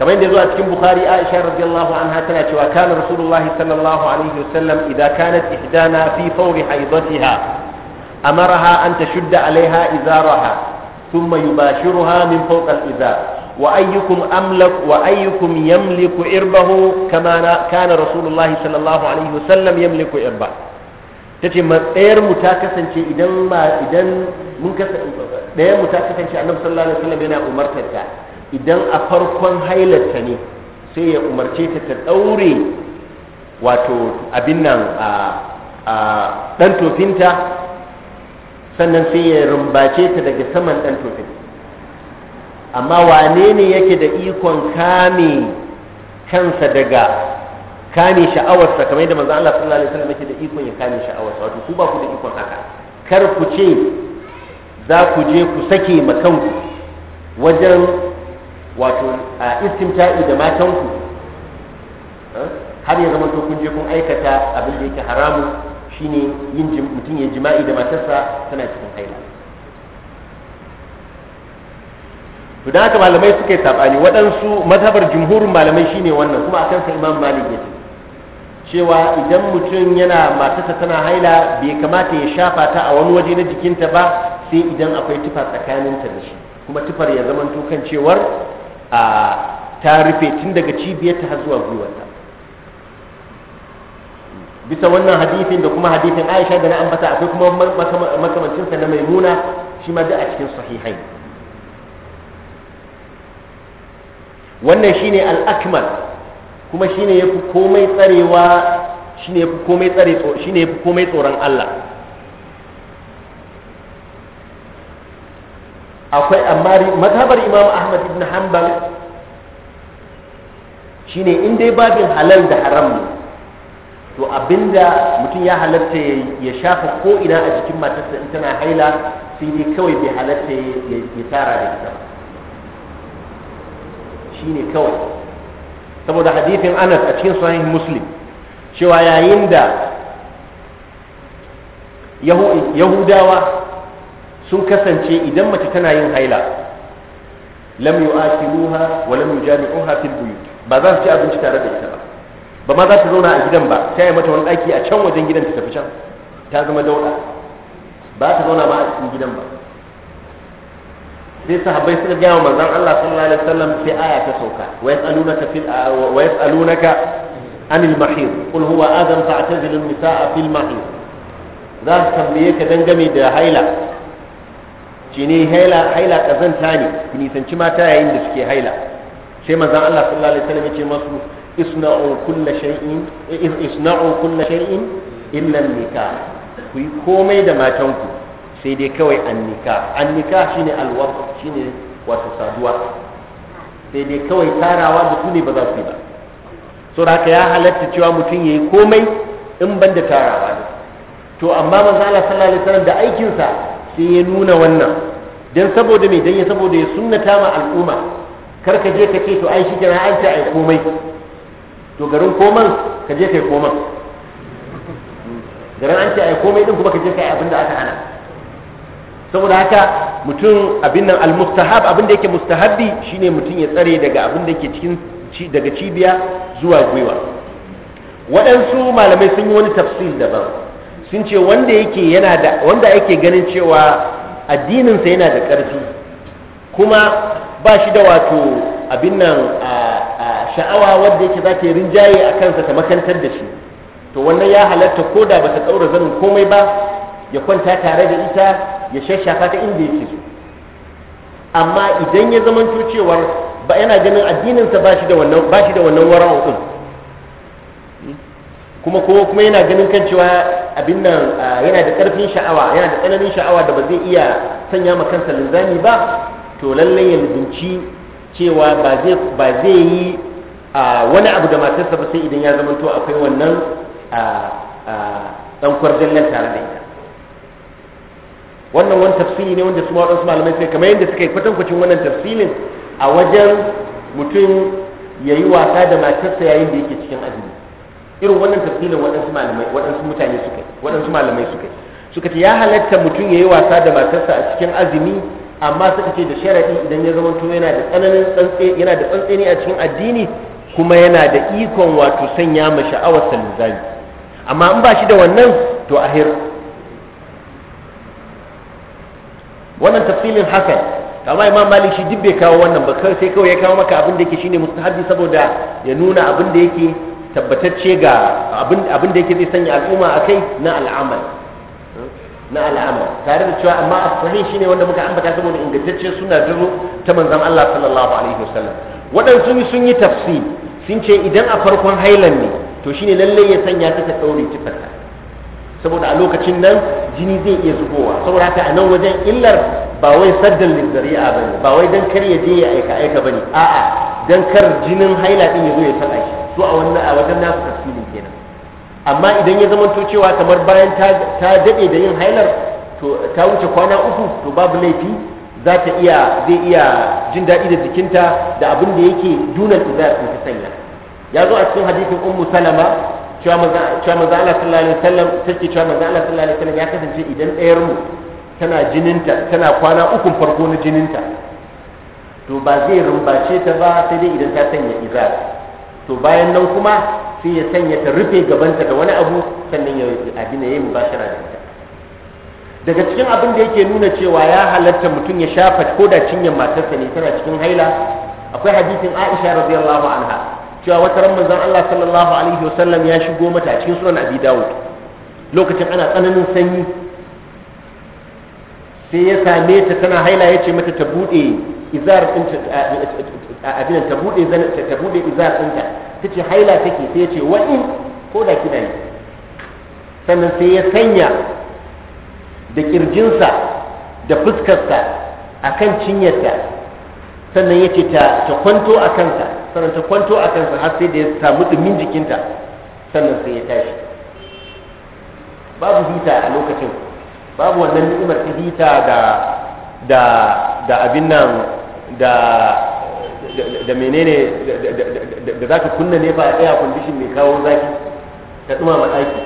kamar yadda zuwa cikin bukhari aisha radiyallahu anha tana cewa kana rasulullahi sallallahu alaihi wasallam idza kanat ihdana fi fawri haidatiha amaraha an tashudda alaiha izaraha thumma yubashiruha min fawqa al-izar wa ayyukum amlak wa ayyukum yamliku irbahu kama kana rasulullahi sallallahu alaihi wasallam yamliku irba tace matsayar mu ta kasance idan ma idan mun kasance mu ta kasance annabi sallallahu alaihi wasallam yana umartar ta idan a farkon hailarta ne sai ya umarce ta ɗaure wato abin nan a dan sannan sai ya rumbace ta daga saman dan amma wane ne yake da ikon kame kansa daga kame sha'awarsa kamar yadda manzo Allah sallallahu alaihi wasallam yake da ikon ya kame sha'awarsa wato ku ba ku da ikon haka kar ku ce za ku je ku sake makanku wajen wato a istimta'i da matanku har ya zama to kun je kun aikata abin da yake haramu shine yin mutum ya jima'i da matarsa tana cikin haila to da haka malamai suka yi sabani waɗansu mazhabar jumhurin malamai shine wannan kuma akan sa imam malik ya cewa idan mutum yana matarsa tana haila bai kamata ya shafa ta a wani waje na jikinta ba sai idan akwai tufa tsakaninta da shi kuma tufar ya zama kan cewar a ta rufe tun daga cibiyarta har zuwa gwiwarta bisa wannan hadithin da kuma hadithin aisha da na ambata akwai kuma makamancinsa na maimuna shi ma duk a cikin sahihai wannan shine al-akmal kuma shine yafi komai tsarewa shine yafi komai tsare shine yafi komai tsoron Allah akwai amma mazhabar Imam Ahmad ibn Hanbal shine in dai babin halal da haram ne to abinda mutum ya halatta ya shafa ko ina a jikin matarsa in tana haila sai dai kawai bai halatta ya tara da ita ba shine kawai saboda hadithin anas a cikin sahih muslim cewa yayin da yahudawa sun kasance idan mace tana yin haila lam yu'atiluha wa lam yujami'uha fil buyut ba za su ci abinci tare da ita ba ba ma za ta zauna a gidan ba ta yi mata wani ɗaki a can wajen gidan ta tafi can ta zama dauɗa ba ta zauna ba a cikin gidan ba sai sahabbai suka gaya wa manzon Allah sallallahu alaihi wasallam sai aya ta sauka wa yasalunaka fil wa yasalunaka anil mahid qul huwa adam fa'tazilu nisaa fil mahir. za su tambaye ka dangane da haila shine haila haila kazanta ne ku nisanci mata yayin da suke haila sai manzon Allah sallallahu alaihi wasallam ya ce masu isna'u kulla shay'in isna'u kulla shay'in illa nikah ku yi komai da matanku sai dai kawai annika annika shine alwar shine wato saduwa sai dai kawai tarawa da su ne ba za su yi ba so da ya halatta cewa mutum ya yi komai in ban da tarawa ne to amma manzo Allah sallallahu alaihi wasallam da aikinsa sai ya nuna wannan dan saboda me dan ya saboda ya sunnata ma al'umma kar ka je ka ce to ai shikenan an ta ai komai to garin koman ka je kai koman garin an ce ai komai din kuma ka je kai abinda aka hana saboda haka mutum abin nan almustahab abin da yake mustahabbi shine mutum ya tsare daga abin da yake cikin daga cibiya zuwa gwiwa waɗansu malamai sun yi wani tafsil daban sun ce wanda yake yana da wanda yake ganin cewa addininsa yana da ƙarfi kuma ba shi da wato abin nan a sha'awa wanda yake zata ta yi rinjaye a kansa ta makantar da shi to wannan ya halatta ko da ba ta tsaura zanin komai ba ya kwanta tare da ita ya shashafa ta inda yake so amma idan ya zamanto cewar ba yana ganin addininsa ba shi da wannan ba da din kuma ko kuma yana ganin kan cewa abin nan yana da karfin sha'awa yana da tsananin sha'awa da ba zai iya sanya ma kansa linzami ba to lallai ya lubinci cewa ba zai yi wani abu da matarsa ba sai idan ya to akwai wannan dan kwarjallan tare da ita wannan wani tafsiri ne wanda su ma waɗansu malamai sai kamar yadda suka yi kwatankwacin wannan tafsirin a wajen mutum ya yi wasa da matarsa yayin da yake cikin azumi irin wannan tafsirin waɗansu malamai waɗansu mutane suka yi waɗansu malamai suka yi suka ce ya halatta mutum ya yi wasa da matarsa a cikin azumi amma suka ce da sharaɗi idan ya zama to yana da tsananin tsantsi yana da tsantseni a cikin addini kuma yana da ikon wato sanya ma sha'awar sa amma in ba shi da wannan to ahir wannan tafsilin hasan amma imam malik shi duk bai kawo wannan ba sai kawai ya kawo maka abin da yake shine mustahabi saboda ya nuna abin da yake tabbatacce ga abin da yake zai sanya al'umma a kai na al'amal na al'amal tare da cewa amma asali shine wanda muka ambata saboda ingantacce suna duro ta manzon Allah sallallahu alaihi wasallam waɗansu sun yi tafsir sun ce idan a farkon hailan ne to shine lalle ya sanya ta ta daure tifarta saboda a lokacin nan jini zai iya zubowa saboda haka a nan wajen illar ba wai saddan lizzari'a ba ba wai dan kar ya je ya aika aika ba ne a'a dan kar jinin haila din ya zo ya taɓa shi su a wannan a wajen nasu tafsirin kenan amma idan ya zamanto cewa kamar bayan ta daɗe da yin hailar to ta wuce kwana uku to babu laifi za ta iya zai iya jin daɗi da jikinta da abin da yake dunan izar ta sanya ya zo a cikin hadisin ummu salama cewa manzo Allah sallallahu alaihi wasallam take cewa manzo Allah sallallahu alaihi wasallam ya kasance idan ɗayar mu tana jininta tana kwana ukun farko na jininta to ba zai rumbace ta ba sai dai idan ta sanya izar to bayan nan kuma sai ya sanya ta rufe gabanta da wani abu sannan ya abin yayi mubashara da ita daga cikin abin da yake nuna cewa ya halatta mutum ya shafa ko da cinyar matarsa ne tana cikin haila akwai hadisin Aisha radiyallahu anha cewa wata ran manzon Allah sallallahu alaihi wasallam ya shigo mata a cikin sunan Abi Dawud lokacin ana tsananin sanyi sai ya same ta tana haila ya ce mata ta bude izar ɗinta abin ta bude ta bude izar ɗinta tace haila take sai yace wa in ko da kina ne sannan sai ya sanya da kirjinsa da fuskarsa akan cinyarta sannan ya ce ta kwanto a kansa sannan ta kwanto a kansa har sai da ya samu dumin jikinta sannan sai ya tashi babu hita a lokacin babu wannan ni'imar ta hita da da da abin nan da da menene da za ka kunna ne ba a tsaya kwandishin mai kawo zaki ka ma ɗaki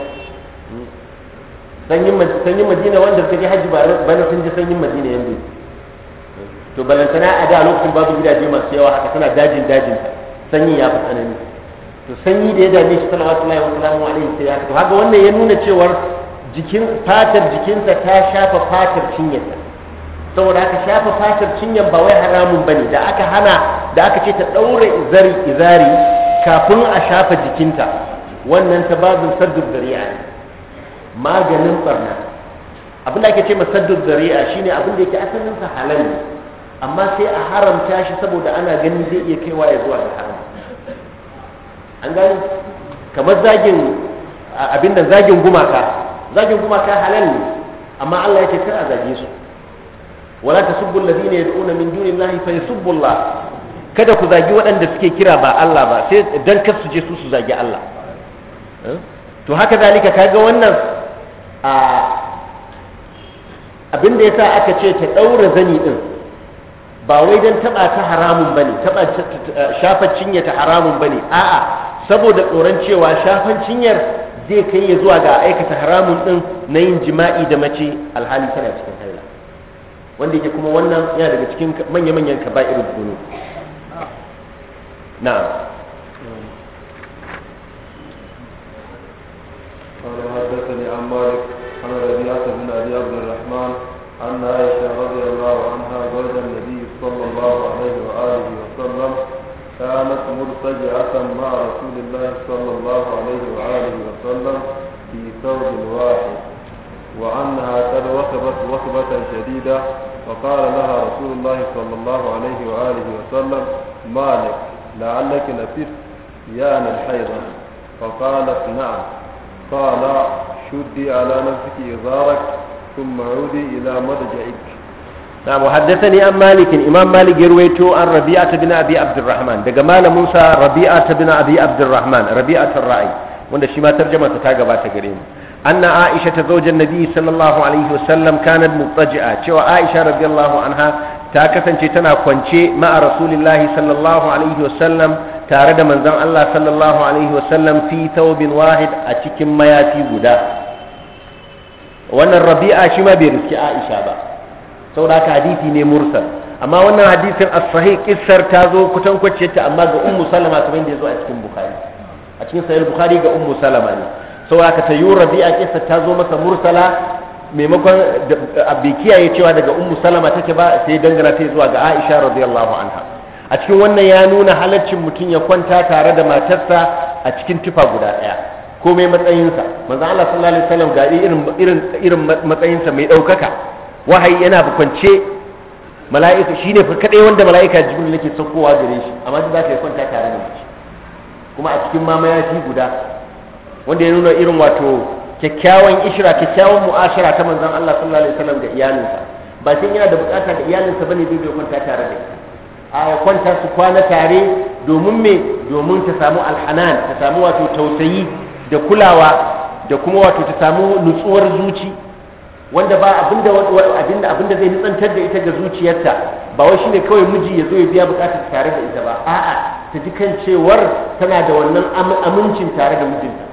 sanyin madina wanda suka je hajji bana sun ji sanyin madina yanzu to balantana a da lokacin babu gidaje masu yawa haka tana dajin dajin ta sanyi ya fi tsanani to sanyi da ya dame shi lahi wa salamu alaihi sai ya to haka wannan ya nuna cewar jikin fatar jikinsa ta shafa fatar cinyarsa saboda aka shafa fatar cinyar ba wai haramun bane da aka hana da aka ce ta daure izari izari kafin a shafa jikinta wannan ta babin saddu zari'a maganin barna abin da ake ce masaddur zari'a shine abin da yake asalin sa halal ne amma sai a haramta shi saboda ana ganin zai iya kaiwa ya zuwa ga haram an gani kamar zagin abin da zagin gumaka zagin gumaka halal ne amma Allah ya kar a zage su wala tasubbu alladhina yad'una min fa fayasubbu llah kada ku zagi waɗanda suke kira ba Allah ba sai dan kar su je su su zagi Allah eh? to haka zalika kaga wannan a abin da yasa aka ce ta daura zani din ba wai dan taba ta haramun bane taba shafa cinye ta haramun bane a'a saboda tsoron cewa shafan cinyar zai kai ya zuwa ga aikata haramun din na yin jima'i da mace alhali tana cikin haila wanda yake kuma wannan yana daga cikin manya-manyan ka gunu na'am قال حدثني أن عائشة رضي الله عنها زوج النبي صلى الله عليه وآله وسلم كانت مرتجعة مع رسول الله صلى الله عليه وآله وسلم في ثوب واحد وعنها قد وثبت وثبة شديدة فقال لها رسول الله صلى الله عليه وآله وسلم مالك لعلك يا يان الحيضة فقالت نعم قال شدي على نفسك إزارك ثم عودي إلى مضجعك نعم وحدثني عن مالك إمام مالك يرويته عن ربيعة بن أبي عبد الرحمن دقى مال موسى ربيعة بن أبي عبد الرحمن ربيعة الرأي وأن شما ترجمة تتاقبا تقريم أن عائشة زوج النبي صلى الله عليه وسلم كانت مضطجعة شوى عائشة رضي الله عنها تاكسن تنا كونشي مع رسول الله صلى الله عليه وسلم تارد من زم الله صلى الله عليه وسلم في ثوب واحد أتكم ما ياتي بدا وأن الربيعة شما بيرسي عائشة بقى saboda haka hadisi ne mursal amma wannan hadisin as-sahih kissar ta zo kutan kwacce ta amma ga ummu salama kamar ya zo a cikin bukhari a cikin sahih bukhari ga ummu salama ne saboda haka tayu rabi'a kissar ta zo masa mursala maimakon bai kiyaye cewa daga ummu salama take ba sai dangana ta zuwa ga aisha radiyallahu anha a cikin wannan ya nuna halaccin mutum ya kwanta tare da matarsa a cikin tufa guda ɗaya komai matsayinsa manzo Allah sallallahu alaihi wasallam ga irin irin irin matsayinsa mai ɗaukaka wahayi yana kwance mala'ika shine fa kadai wanda mala'ika jibril yake saukowa gare shi amma duk za ta kwanta tare da mace kuma a cikin shi guda wanda ya nuna irin wato kyakkyawan ishira kyakkyawan mu'ashara ta manzon Allah sallallahu alaihi wasallam ga iyalinsa ba sai yana da bukata da iyalinsa bane zai bai kwanta tare da shi a ya kwanta su kwana tare domin me domin ta samu alhanan ta samu wato tausayi da kulawa da kuma wato ta samu nutsuwar zuci wanda ba abinda abinda abinda zai nutsantar da ita ga zuciyarta ba wai shine kawai miji ya zo ya biya bukatar tare da ita ba a'a ta ji kan cewar tana da wannan amincin tare da mijinta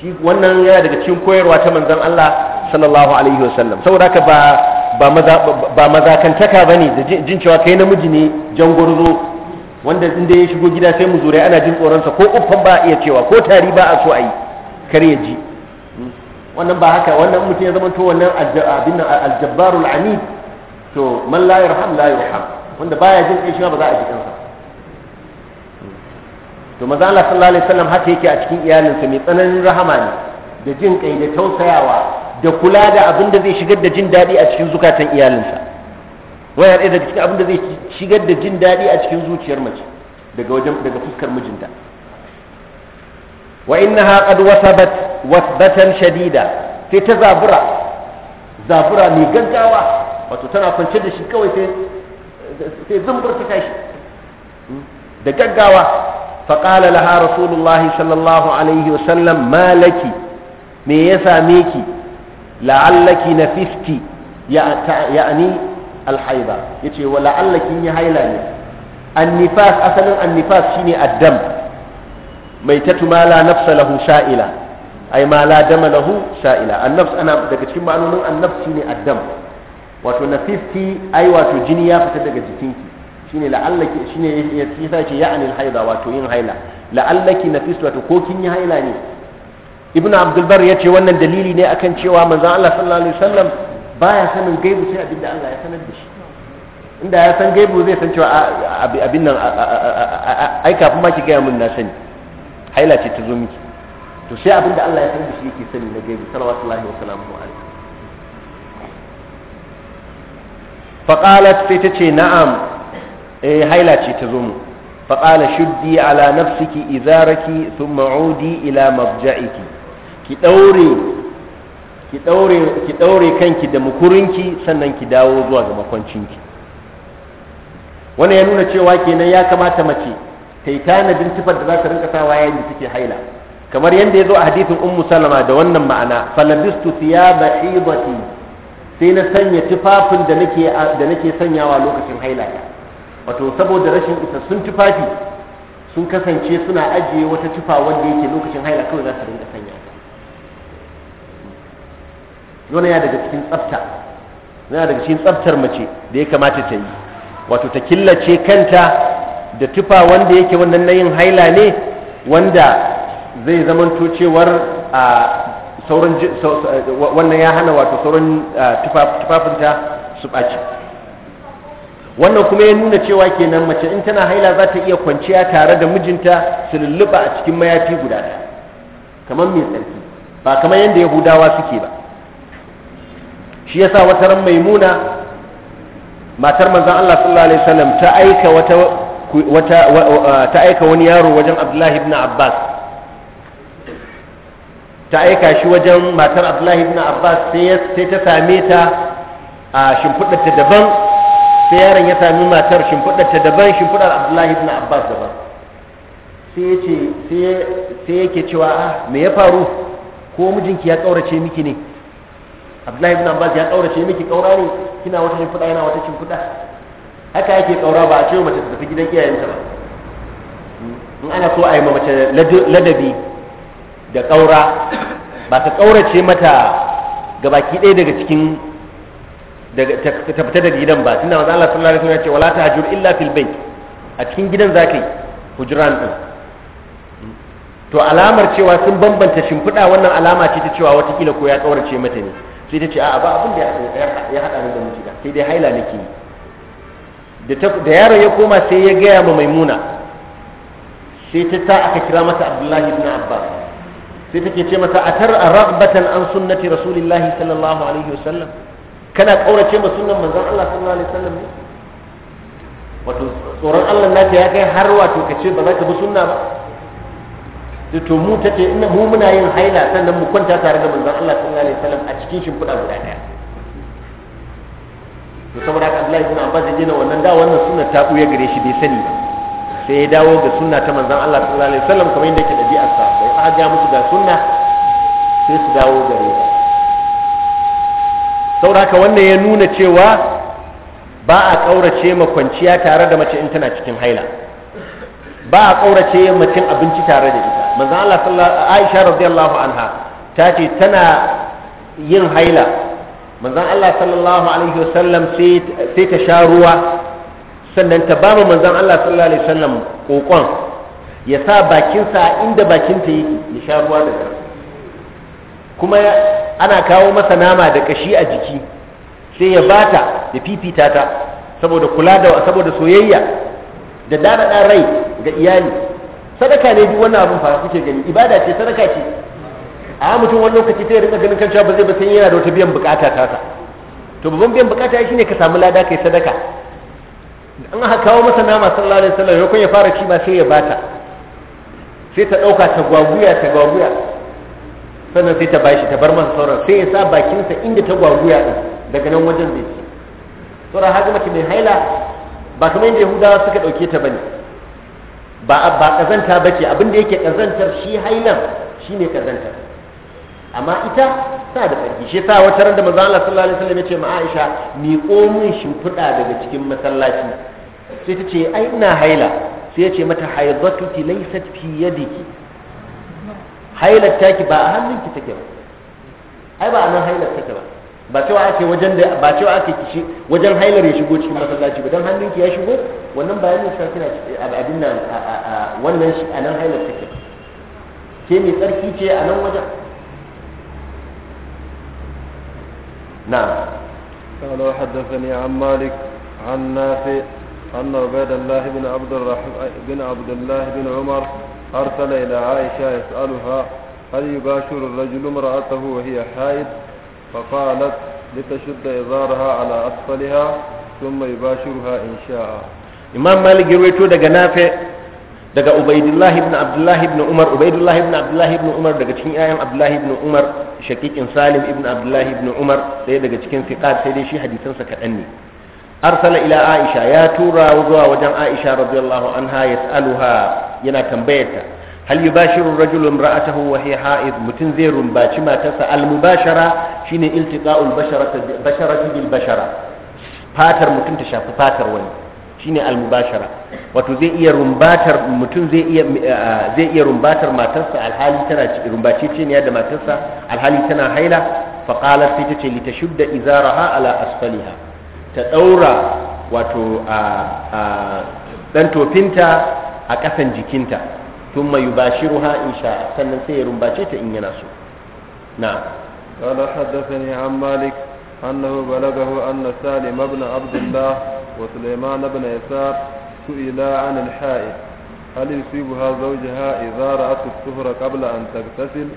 shi wannan yana daga cikin koyarwa ta manzon Allah sallallahu alaihi wasallam saboda haka ba ba maza ba mazakantaka bane da jin cewa kai namiji ne jangurzo wanda inda ya shigo gida sai mu zure ana jin tsoron sa ko uffan ba iya cewa ko tari ba a so ayi kar ya ji wannan ba haka wannan mutum ya zama to wannan abin nan aljabbarul anid to man la yarham la yarham wanda baya jin kai shi ba za a ji kansa to manzo Allah sallallahu alaihi wasallam haka yake a cikin iyalinsa mai tsananin rahama ne da jin kai da tausayawa da kula da abin da zai shigar da jin daɗi a cikin zukatan iyalinsa waya ɗaya daga cikin abin da zai shigar da jin daɗi a cikin zuciyar mace daga wajen daga fuskar mijinta wa innaha qad wasabat wasbatan shadida sai ta zabura zabura mai gaggawa wato tana kwance da shi kawai sai sai zumbur ta tashi hmm? da gaggawa faƙala laha rasulullahi sallallahu alaihi wasallam malaki me ya same ki la'allaki na nafisti ya'ani alhaiba yace wa la'allaki ya haila ne annifas asalin annifas shine addam mai ta tatumala nafsa lahu sha'ila ai ma la dama lahu sa'ila annafs ana daga cikin ma'anonin annafs shine addam wato nafisti ai wato jini ya fita daga jikinki shine la'allaki shine yasa ce ya'ani al-haida wato yin haila la'allaki nafistu wato ko kin yi haila ne ibnu abdul bar yace wannan dalili ne akan cewa manzon Allah sallallahu alaihi wasallam baya sanin gaibu sai abinda Allah ya sanar da shi inda ya san gaibu zai san cewa abin nan ai kafin ma ki gaya mun na sani haila ce ta zo miki to sai abin da Allah ya san shi yake sani na gaibi sallallahu alaihi wa sallam faqalat sai ta ce na'am eh haila ce ta zo mu qala shuddi ala nafsiki izaraki thumma udi ila mabja'iki ki daure ki daure ki daure kanki da mukurinki sannan ki dawo zuwa ga makwancinki wannan ya nuna cewa kenan ya kamata mace ta yi tanadin tufar da za ta rinka sawa yayin da take haila kamar yadda ya zo a hadisin ummu salama da wannan ma'ana falabistu thiyaba hidati sai na sanya tufafin da nake da nake sanyawa lokacin hailata wato saboda rashin isa sun tufafi sun kasance suna ajiye wata tufa wanda yake lokacin haila kawai za su rinka sanya ta wannan ya daga cikin tsafta yana daga cikin tsaftar mace da ya kamata ta yi wato ta killace kanta da tufa wanda yake wannan na yin haila ne wanda zai zamanto cewar a sauran wannan ya hana wato sauran tufafinta su ɓaci wannan kuma ya nuna cewa kenan mace in tana haila za ta iya kwanciya tare da mijinta su lulluɓa a cikin mayafi guda kamar mai tsarki ba kamar yadda yahudawa suke ba shi ya sa wata ran maimuna matar manzan Allah sallallahu alaihi wasallam ta aika wata ta aika wani yaro wajen Abdullahi ibn Abbas ta aika shi wajen matar abdullahi ibn abbas sai ta same ta a shimfiɗarta daban sai yaron ya sami matar shimfiɗarta daban shimfiɗar abdullahi ibn abbas daban sai yake cewa a ah, me ya faru ko mijinki ya ƙaurace miki ne abdullahi ibn abbas ya ƙaurace miki ƙaura ne kina wata shimfiɗa yana wata shimfiɗa haka yake ƙaura ba a ce mace ta tafi gidan iyayenta ba hmm? in ana so a yi mace ladabi da ƙaura ba ka ƙaurace mata gabaki ɗaya daga cikin ta fita da gidan ba tunda manzo Allah sallallahu alaihi wasallam ya ce wala ta tahjur illa fil bayt a cikin gidan zakai hujran din to alamar cewa sun bambanta shimfiɗa wannan alama ce ta cewa watakila ko ya ƙaurace mata ne sai ta ce a'a ba abin da ya haɗa ni da miji da sai dai haila nake yi da yaro ya koma sai ya gaya ma maimuna sai ta sa aka kira masa abdullahi ibn abbas sai take ce masa a tar ragbatan an sunnati rasulillahi sallallahu alaihi wasallam kana kaurace ma sunnan manzon Allah sallallahu alaihi wasallam ne wato tsoron Allah naka ya kai har wato kace ba za ka bi sunna ba to mu tace ina mu muna yin haila sannan mu kwanta tare da manzon Allah sallallahu alaihi wasallam a cikin shimfiɗa guda daya to saboda haka Abdullahi ibn Abbas ya dena wannan da wannan sunna ta buya gare shi bai sani ba sai ya dawo ga sunna ta manzon Allah sallallahu alaihi wasallam kamar yadda yake dabi'ar sa aka ja musu ga sunna sai su dawo gare ta sauraka wannan ya nuna cewa ba a ƙaurace ma kwanciya tare da mace in tana cikin haila ba a ƙaurace macin abinci tare da ita manzan Allah sallallahu Aisha radiyallahu anha ta ce tana yin haila manzan Allah sallallahu alaihi wasallam sai ta sha ruwa sannan ta ba manzan Allah sallallahu alaihi wasallam kokon ya sa bakinsa inda bakinta yake ya sha ruwa da ƙarfi kuma ana kawo masa nama da kashi a jiki sai ya bata ya fifita ta saboda kula da saboda soyayya da dana dan rai ga iyali sadaka ne duk wannan abin fara kuke gani ibada ce sadaka ce a mutum wani lokaci sai ya rika ganin kanta ba zai ba sai yana da wata biyan bukata ta sa to babban biyan bukata ne ka samu lada kai sadaka an aka kawo masa nama sallallahu alaihi wasallam ya kun ya fara ci ba sai ya bata sai ta ɗauka ta gwaguya ta gwaguya sannan sai ta bashi ta bar masa sauran sai ya sa bakinsa inda ta gwaguya ɗin daga nan wajen zai ci sauran haka mace mai haila ba kamar yadda yahudawa suka ɗauke ta bane ba ba kazanta ba ce abinda yake kazantar shi hailan shi ne kazantar amma ita ta da tsarki shi sa wata ran da manzo Allah sallallahu alaihi wasallam ya ce ma Aisha miƙo min shimfiɗa daga cikin masallaci sai ta ce ai ina haila sai ya ce mata ki laysat fi yadiki hailar taki ba a hannunki take ba ai ba a nan hailar take ba ba cewa ake wajen da ba cewa ake kishi wajen hailar ya shigo cikin masallaci ba dan hannunki ya shigo wannan bayanin sa kina abin nan wannan shi a nan hailar take ke mai tsarki ce a nan wajen na قال وحدثني عن مالك عن نافع أن عبيد الله بن عبد بن عبد الله بن عمر أرسل إلى عائشة يسألها هل يباشر الرجل امرأته وهي حائض فقالت لتشد إزارها على أسفلها ثم يباشرها إن شاء إمام مالك يرويته دقا نافع دقا عبيد الله بن عبد الله بن عمر عبيد الله بن عبد الله بن عمر دقا تشين آيام عبد الله بن عمر شكيك سالم ابن عبد الله بن عمر سيدقا تشين ثقات سيدي شي حديثا سكتني arsala ila aisha ya tura zuwa wajen aisha radiyallahu anha yas'aluha yana tambayarta hal yubashiru rajulu imra'atahu wa hiya ha'id mutun zai rumbaci matarsa al mubashara shine iltiqa'ul basharati bil bashara fatar mutun ta shafi fatar wani shine al mubashara wato zai iya rumbatar mutun zai iya eh, zai iya rumbatar matarsa alhali tana rumbace ce ne da matarsa alhali tana haila faqalat sai tace litashudda izaraha ala asfaliha ta ɗaura wato a ɗan tofinta a ƙasan jikinta tun mai yi ba shi ruha insha sannan sai ya rumbace ta in yana so na ƙala haddasani an malik annahu balagahu anna salim ibn abdullah wa sulaiman ibn yasar su'ila an al-ha'id hal yusibu ha zawjaha idza ra'at as-suhra qabla an taghtasil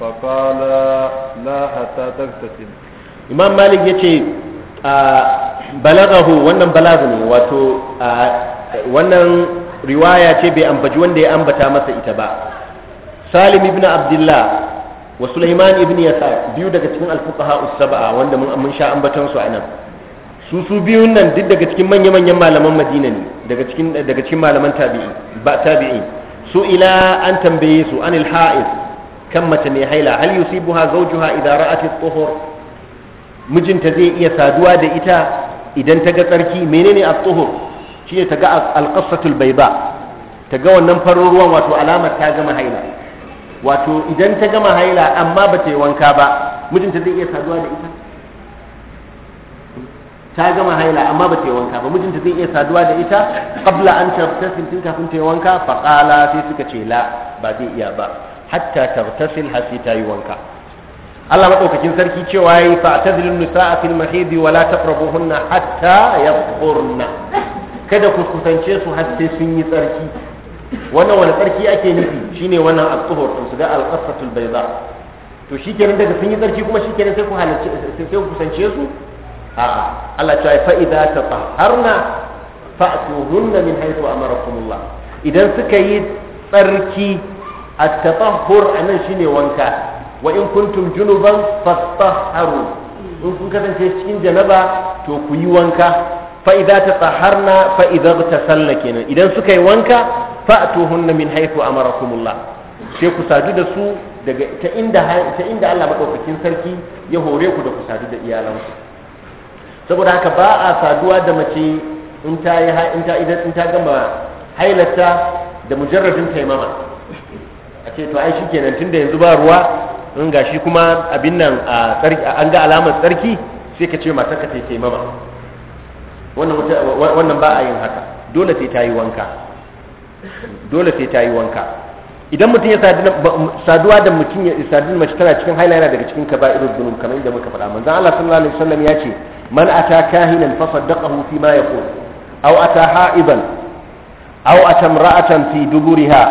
fa qala la hatta taghtasil imam malik yace balagahu wannan balagu ne wato wannan riwaya ce bai ambaci wanda ya ambata masa ita ba salim ibn abdullah wa sulaiman ibn yasa biyu daga cikin alfuqaha usaba'a wanda mun sha ambaton su anan su su biyun nan duk daga cikin manya manyan malaman madina ne daga cikin daga cikin malaman tabi'i ba tabi'i su ila an tambaye su anil ha'id kan mace mai haila hal yusibuha zawjuha idza ra'at at-tuhur mijinta zai iya saduwa da ita idan ta ga tsarki menene tsohon shi ne ta ga al bai bayda ta ga wannan farin ruwan wato alamar ta gama haila wato idan ta gama haila amma ba ta yi wanka ba mijinta zai iya saduwa da ita ta gama haila amma ba ta yi wanka ba mijinta zai iya saduwa da ita qabla an tartasil tun kafin ta yi wanka fa qala sai suka ce la ba zai iya ba hatta tartasil har sai ta yi wanka Allah madaukakin sarki cewa yayi fa nisa a fil mahidi wa la taqrabuhunna hatta yatahurna kada ku kusance su har sai sun yi tsarki wannan wani tsarki ake nufi shine wannan al-tuhur to su ga al-qasatul bayda to shikenan daga sun yi tsarki kuma shikenan sai ku halarci sai ku kusance su a'a Allah ta fa idza tatahharna fa'tuhunna min haythu amarakumullah idan suka yi tsarki at-tatahhur anan shine wanka wa in kuntum junuban fastahharu in kun kasance cikin janaba to ku yi wanka fa idza tatahharna fa idza kenan idan suka yi wanka atuhunna min haythu amarakumullah sai ku sadu da su daga ta inda ta inda Allah madaukakin sarki ya hore ku da ku sadu da iyalanku saboda haka ba a saduwa da mace in ta yi in ta idan in ta gama hailata da mujarradin taimama a ce to ai shikenan tunda yanzu ba ruwa in shi kuma abin nan a tsarki an ga alamar tsarki sai ka ce matarka ta yi mama wannan ba a yin haka dole sai ta yi wanka dole sai ta yi wanka idan mutum ya saduwa da mutum ya sadu mace tana cikin haila yana daga cikin kaba'irul dhunub kamar yadda muka faɗa manzon Allah sallallahu alaihi wasallam ya ce man ata kahinan fa saddaqahu fi ma yaqul aw ata ha'iban aw ata imra'atan fi duburiha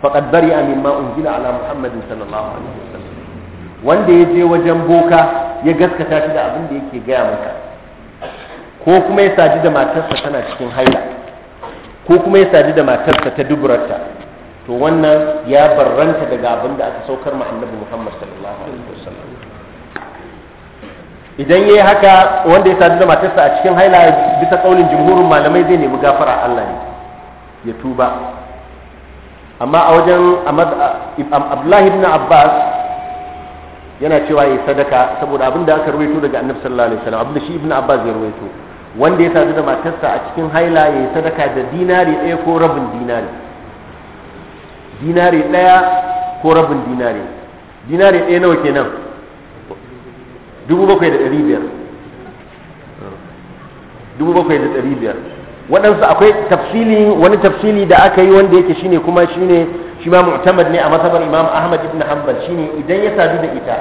faqad bari'a mimma unzila ala muhammadin sallallahu alaihi wasallam wanda ya je wajen boka ya gaskata shi da abin da yake gaya maka ko kuma ya saji da matarsa tana cikin haila ko kuma ya saji da matarsa ta duburarta to wannan ya barranta daga abin da aka saukar ma annabi Muhammad sallallahu alaihi wasallam idan yayi haka wanda ya saji da matarsa a cikin haila bisa kaulin jumhurin malamai zai nemi gafara Allah ne ya tuba amma a wajen Abdullahi ibn Abbas yana cewa ya sadaka saboda abin da aka rubuto daga annabi sallallahu alaihi wasallam abin da shi ibnu abbas ya rubuto wanda ya sadu da matarsa a cikin haila ya sadaka da dinari ɗaya ko rabin dinari dinari ɗaya ko rabin dinari dinari ɗaya nawa kenan dubu bakwai da ɗari biyar dubu bakwai da ɗari biyar waɗansu akwai tafsili wani tafsili da aka yi wanda yake shine kuma shine shi ma mu'tamad ne a masabar imam ahmad ibn hanbal shine idan ya sadu da ita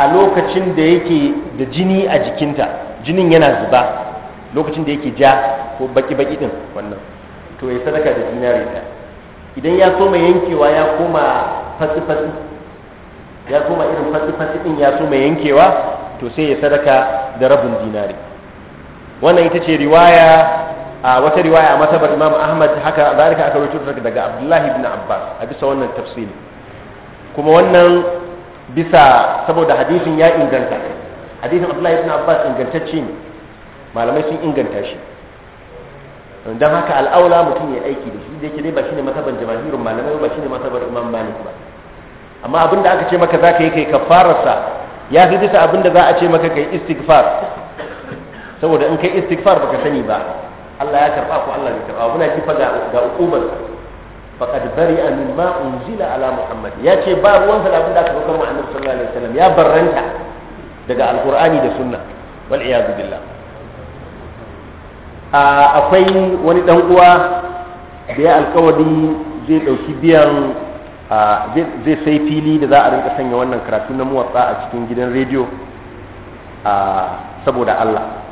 a lokacin da yake da jini a jikinta jinin yana zuba lokacin da yake ja ko baki baki din wannan to ya sadaka da dinari ta idan ya soma yankewa ya koma fatsi fatsi ya koma irin fatsi fatsi din ya soma yankewa to sai ya sadaka da rabin dinari wannan ita ce riwaya a wata riwaya a masabar imam ahmad haka zalika aka rawaito daga abdullahi ibn abbas a bisa wannan tafsiri kuma wannan bisa saboda hadisin ya inganta hadisin abdullahi ibn abbas ingantacce ne malamai sun inganta shi don haka al'aula mutum ya aiki da shi da yake dai ba shine mataban Jamahirin, malamai ba shine matabar imam malik ba amma abin da aka ce maka za ka yi kai kafararsa ya fi bisa abin da za a ce maka kai istighfar saboda in kai istighfar baka sani ba Allah ya karɓa ku Allah bai karɓa muna kifa ga ga hukumar faqad bari'a ma unzila ala muhammad ya ce ba ruwan sa abin da aka kawo annabi sallallahu alaihi wasallam ya barranta daga alqur'ani da sunna wal iyad billah akwai wani dan uwa da ya alkawari zai dauki biyan zai sai fili da za a rinka sanya wannan karatu na muwatsa a cikin gidan rediyo saboda Allah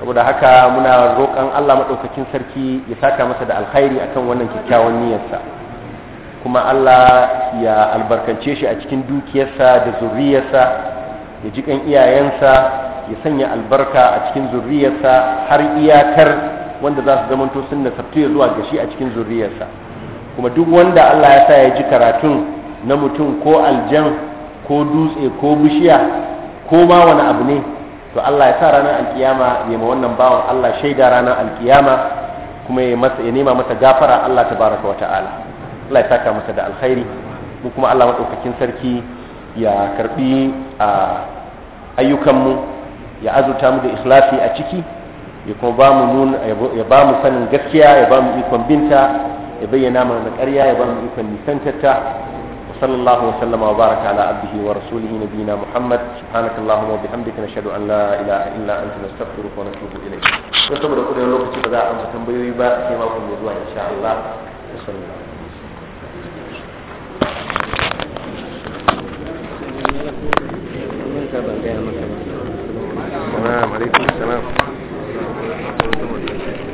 saboda haka muna roƙon Allah maɗaukakin sarki ya saka masa da alkhairi akan wannan kyakkyawan niyyarsa kuma Allah ya albarkance shi a cikin dukiyarsa da zuriyarsa ya jikan iyayensa ya sanya albarka a cikin zuriyarsa har iyakar wanda za su zamanto sun nasabtu ya zuwa ga shi a cikin zuriyarsa kuma duk wanda Allah ya sa ya ji karatun na mutum ko aljan ko dutse ko bishiya ko ma wani abu ne to Allah ya sa ranar alkiyama ya ma wannan bawan Allah shaida ranar alkiyama kuma ya masa ya nema masa gafara Allah tabaraka wa ta'ala Allah ya saka masa da alkhairi mu kuma Allah madaukakin sarki ya karbi ayyukan mu ya azuta mu da ikhlasi a ciki ya kuma ba mu nuna ya ba mu sanin gaskiya ya ba mu ikon binta ya bayyana mana na ƙarya ya ba mu ikon nisantarta وصلى الله وسلم وبارك على عبده ورسوله نبينا محمد سبحانك اللهم وبحمدك نشهد ان لا اله الا انت نستغفرك ونتوب اليك نتوب da kudin في بدا ان a با في ba sai ان شاء الله insha Allah السلام عليكم السلام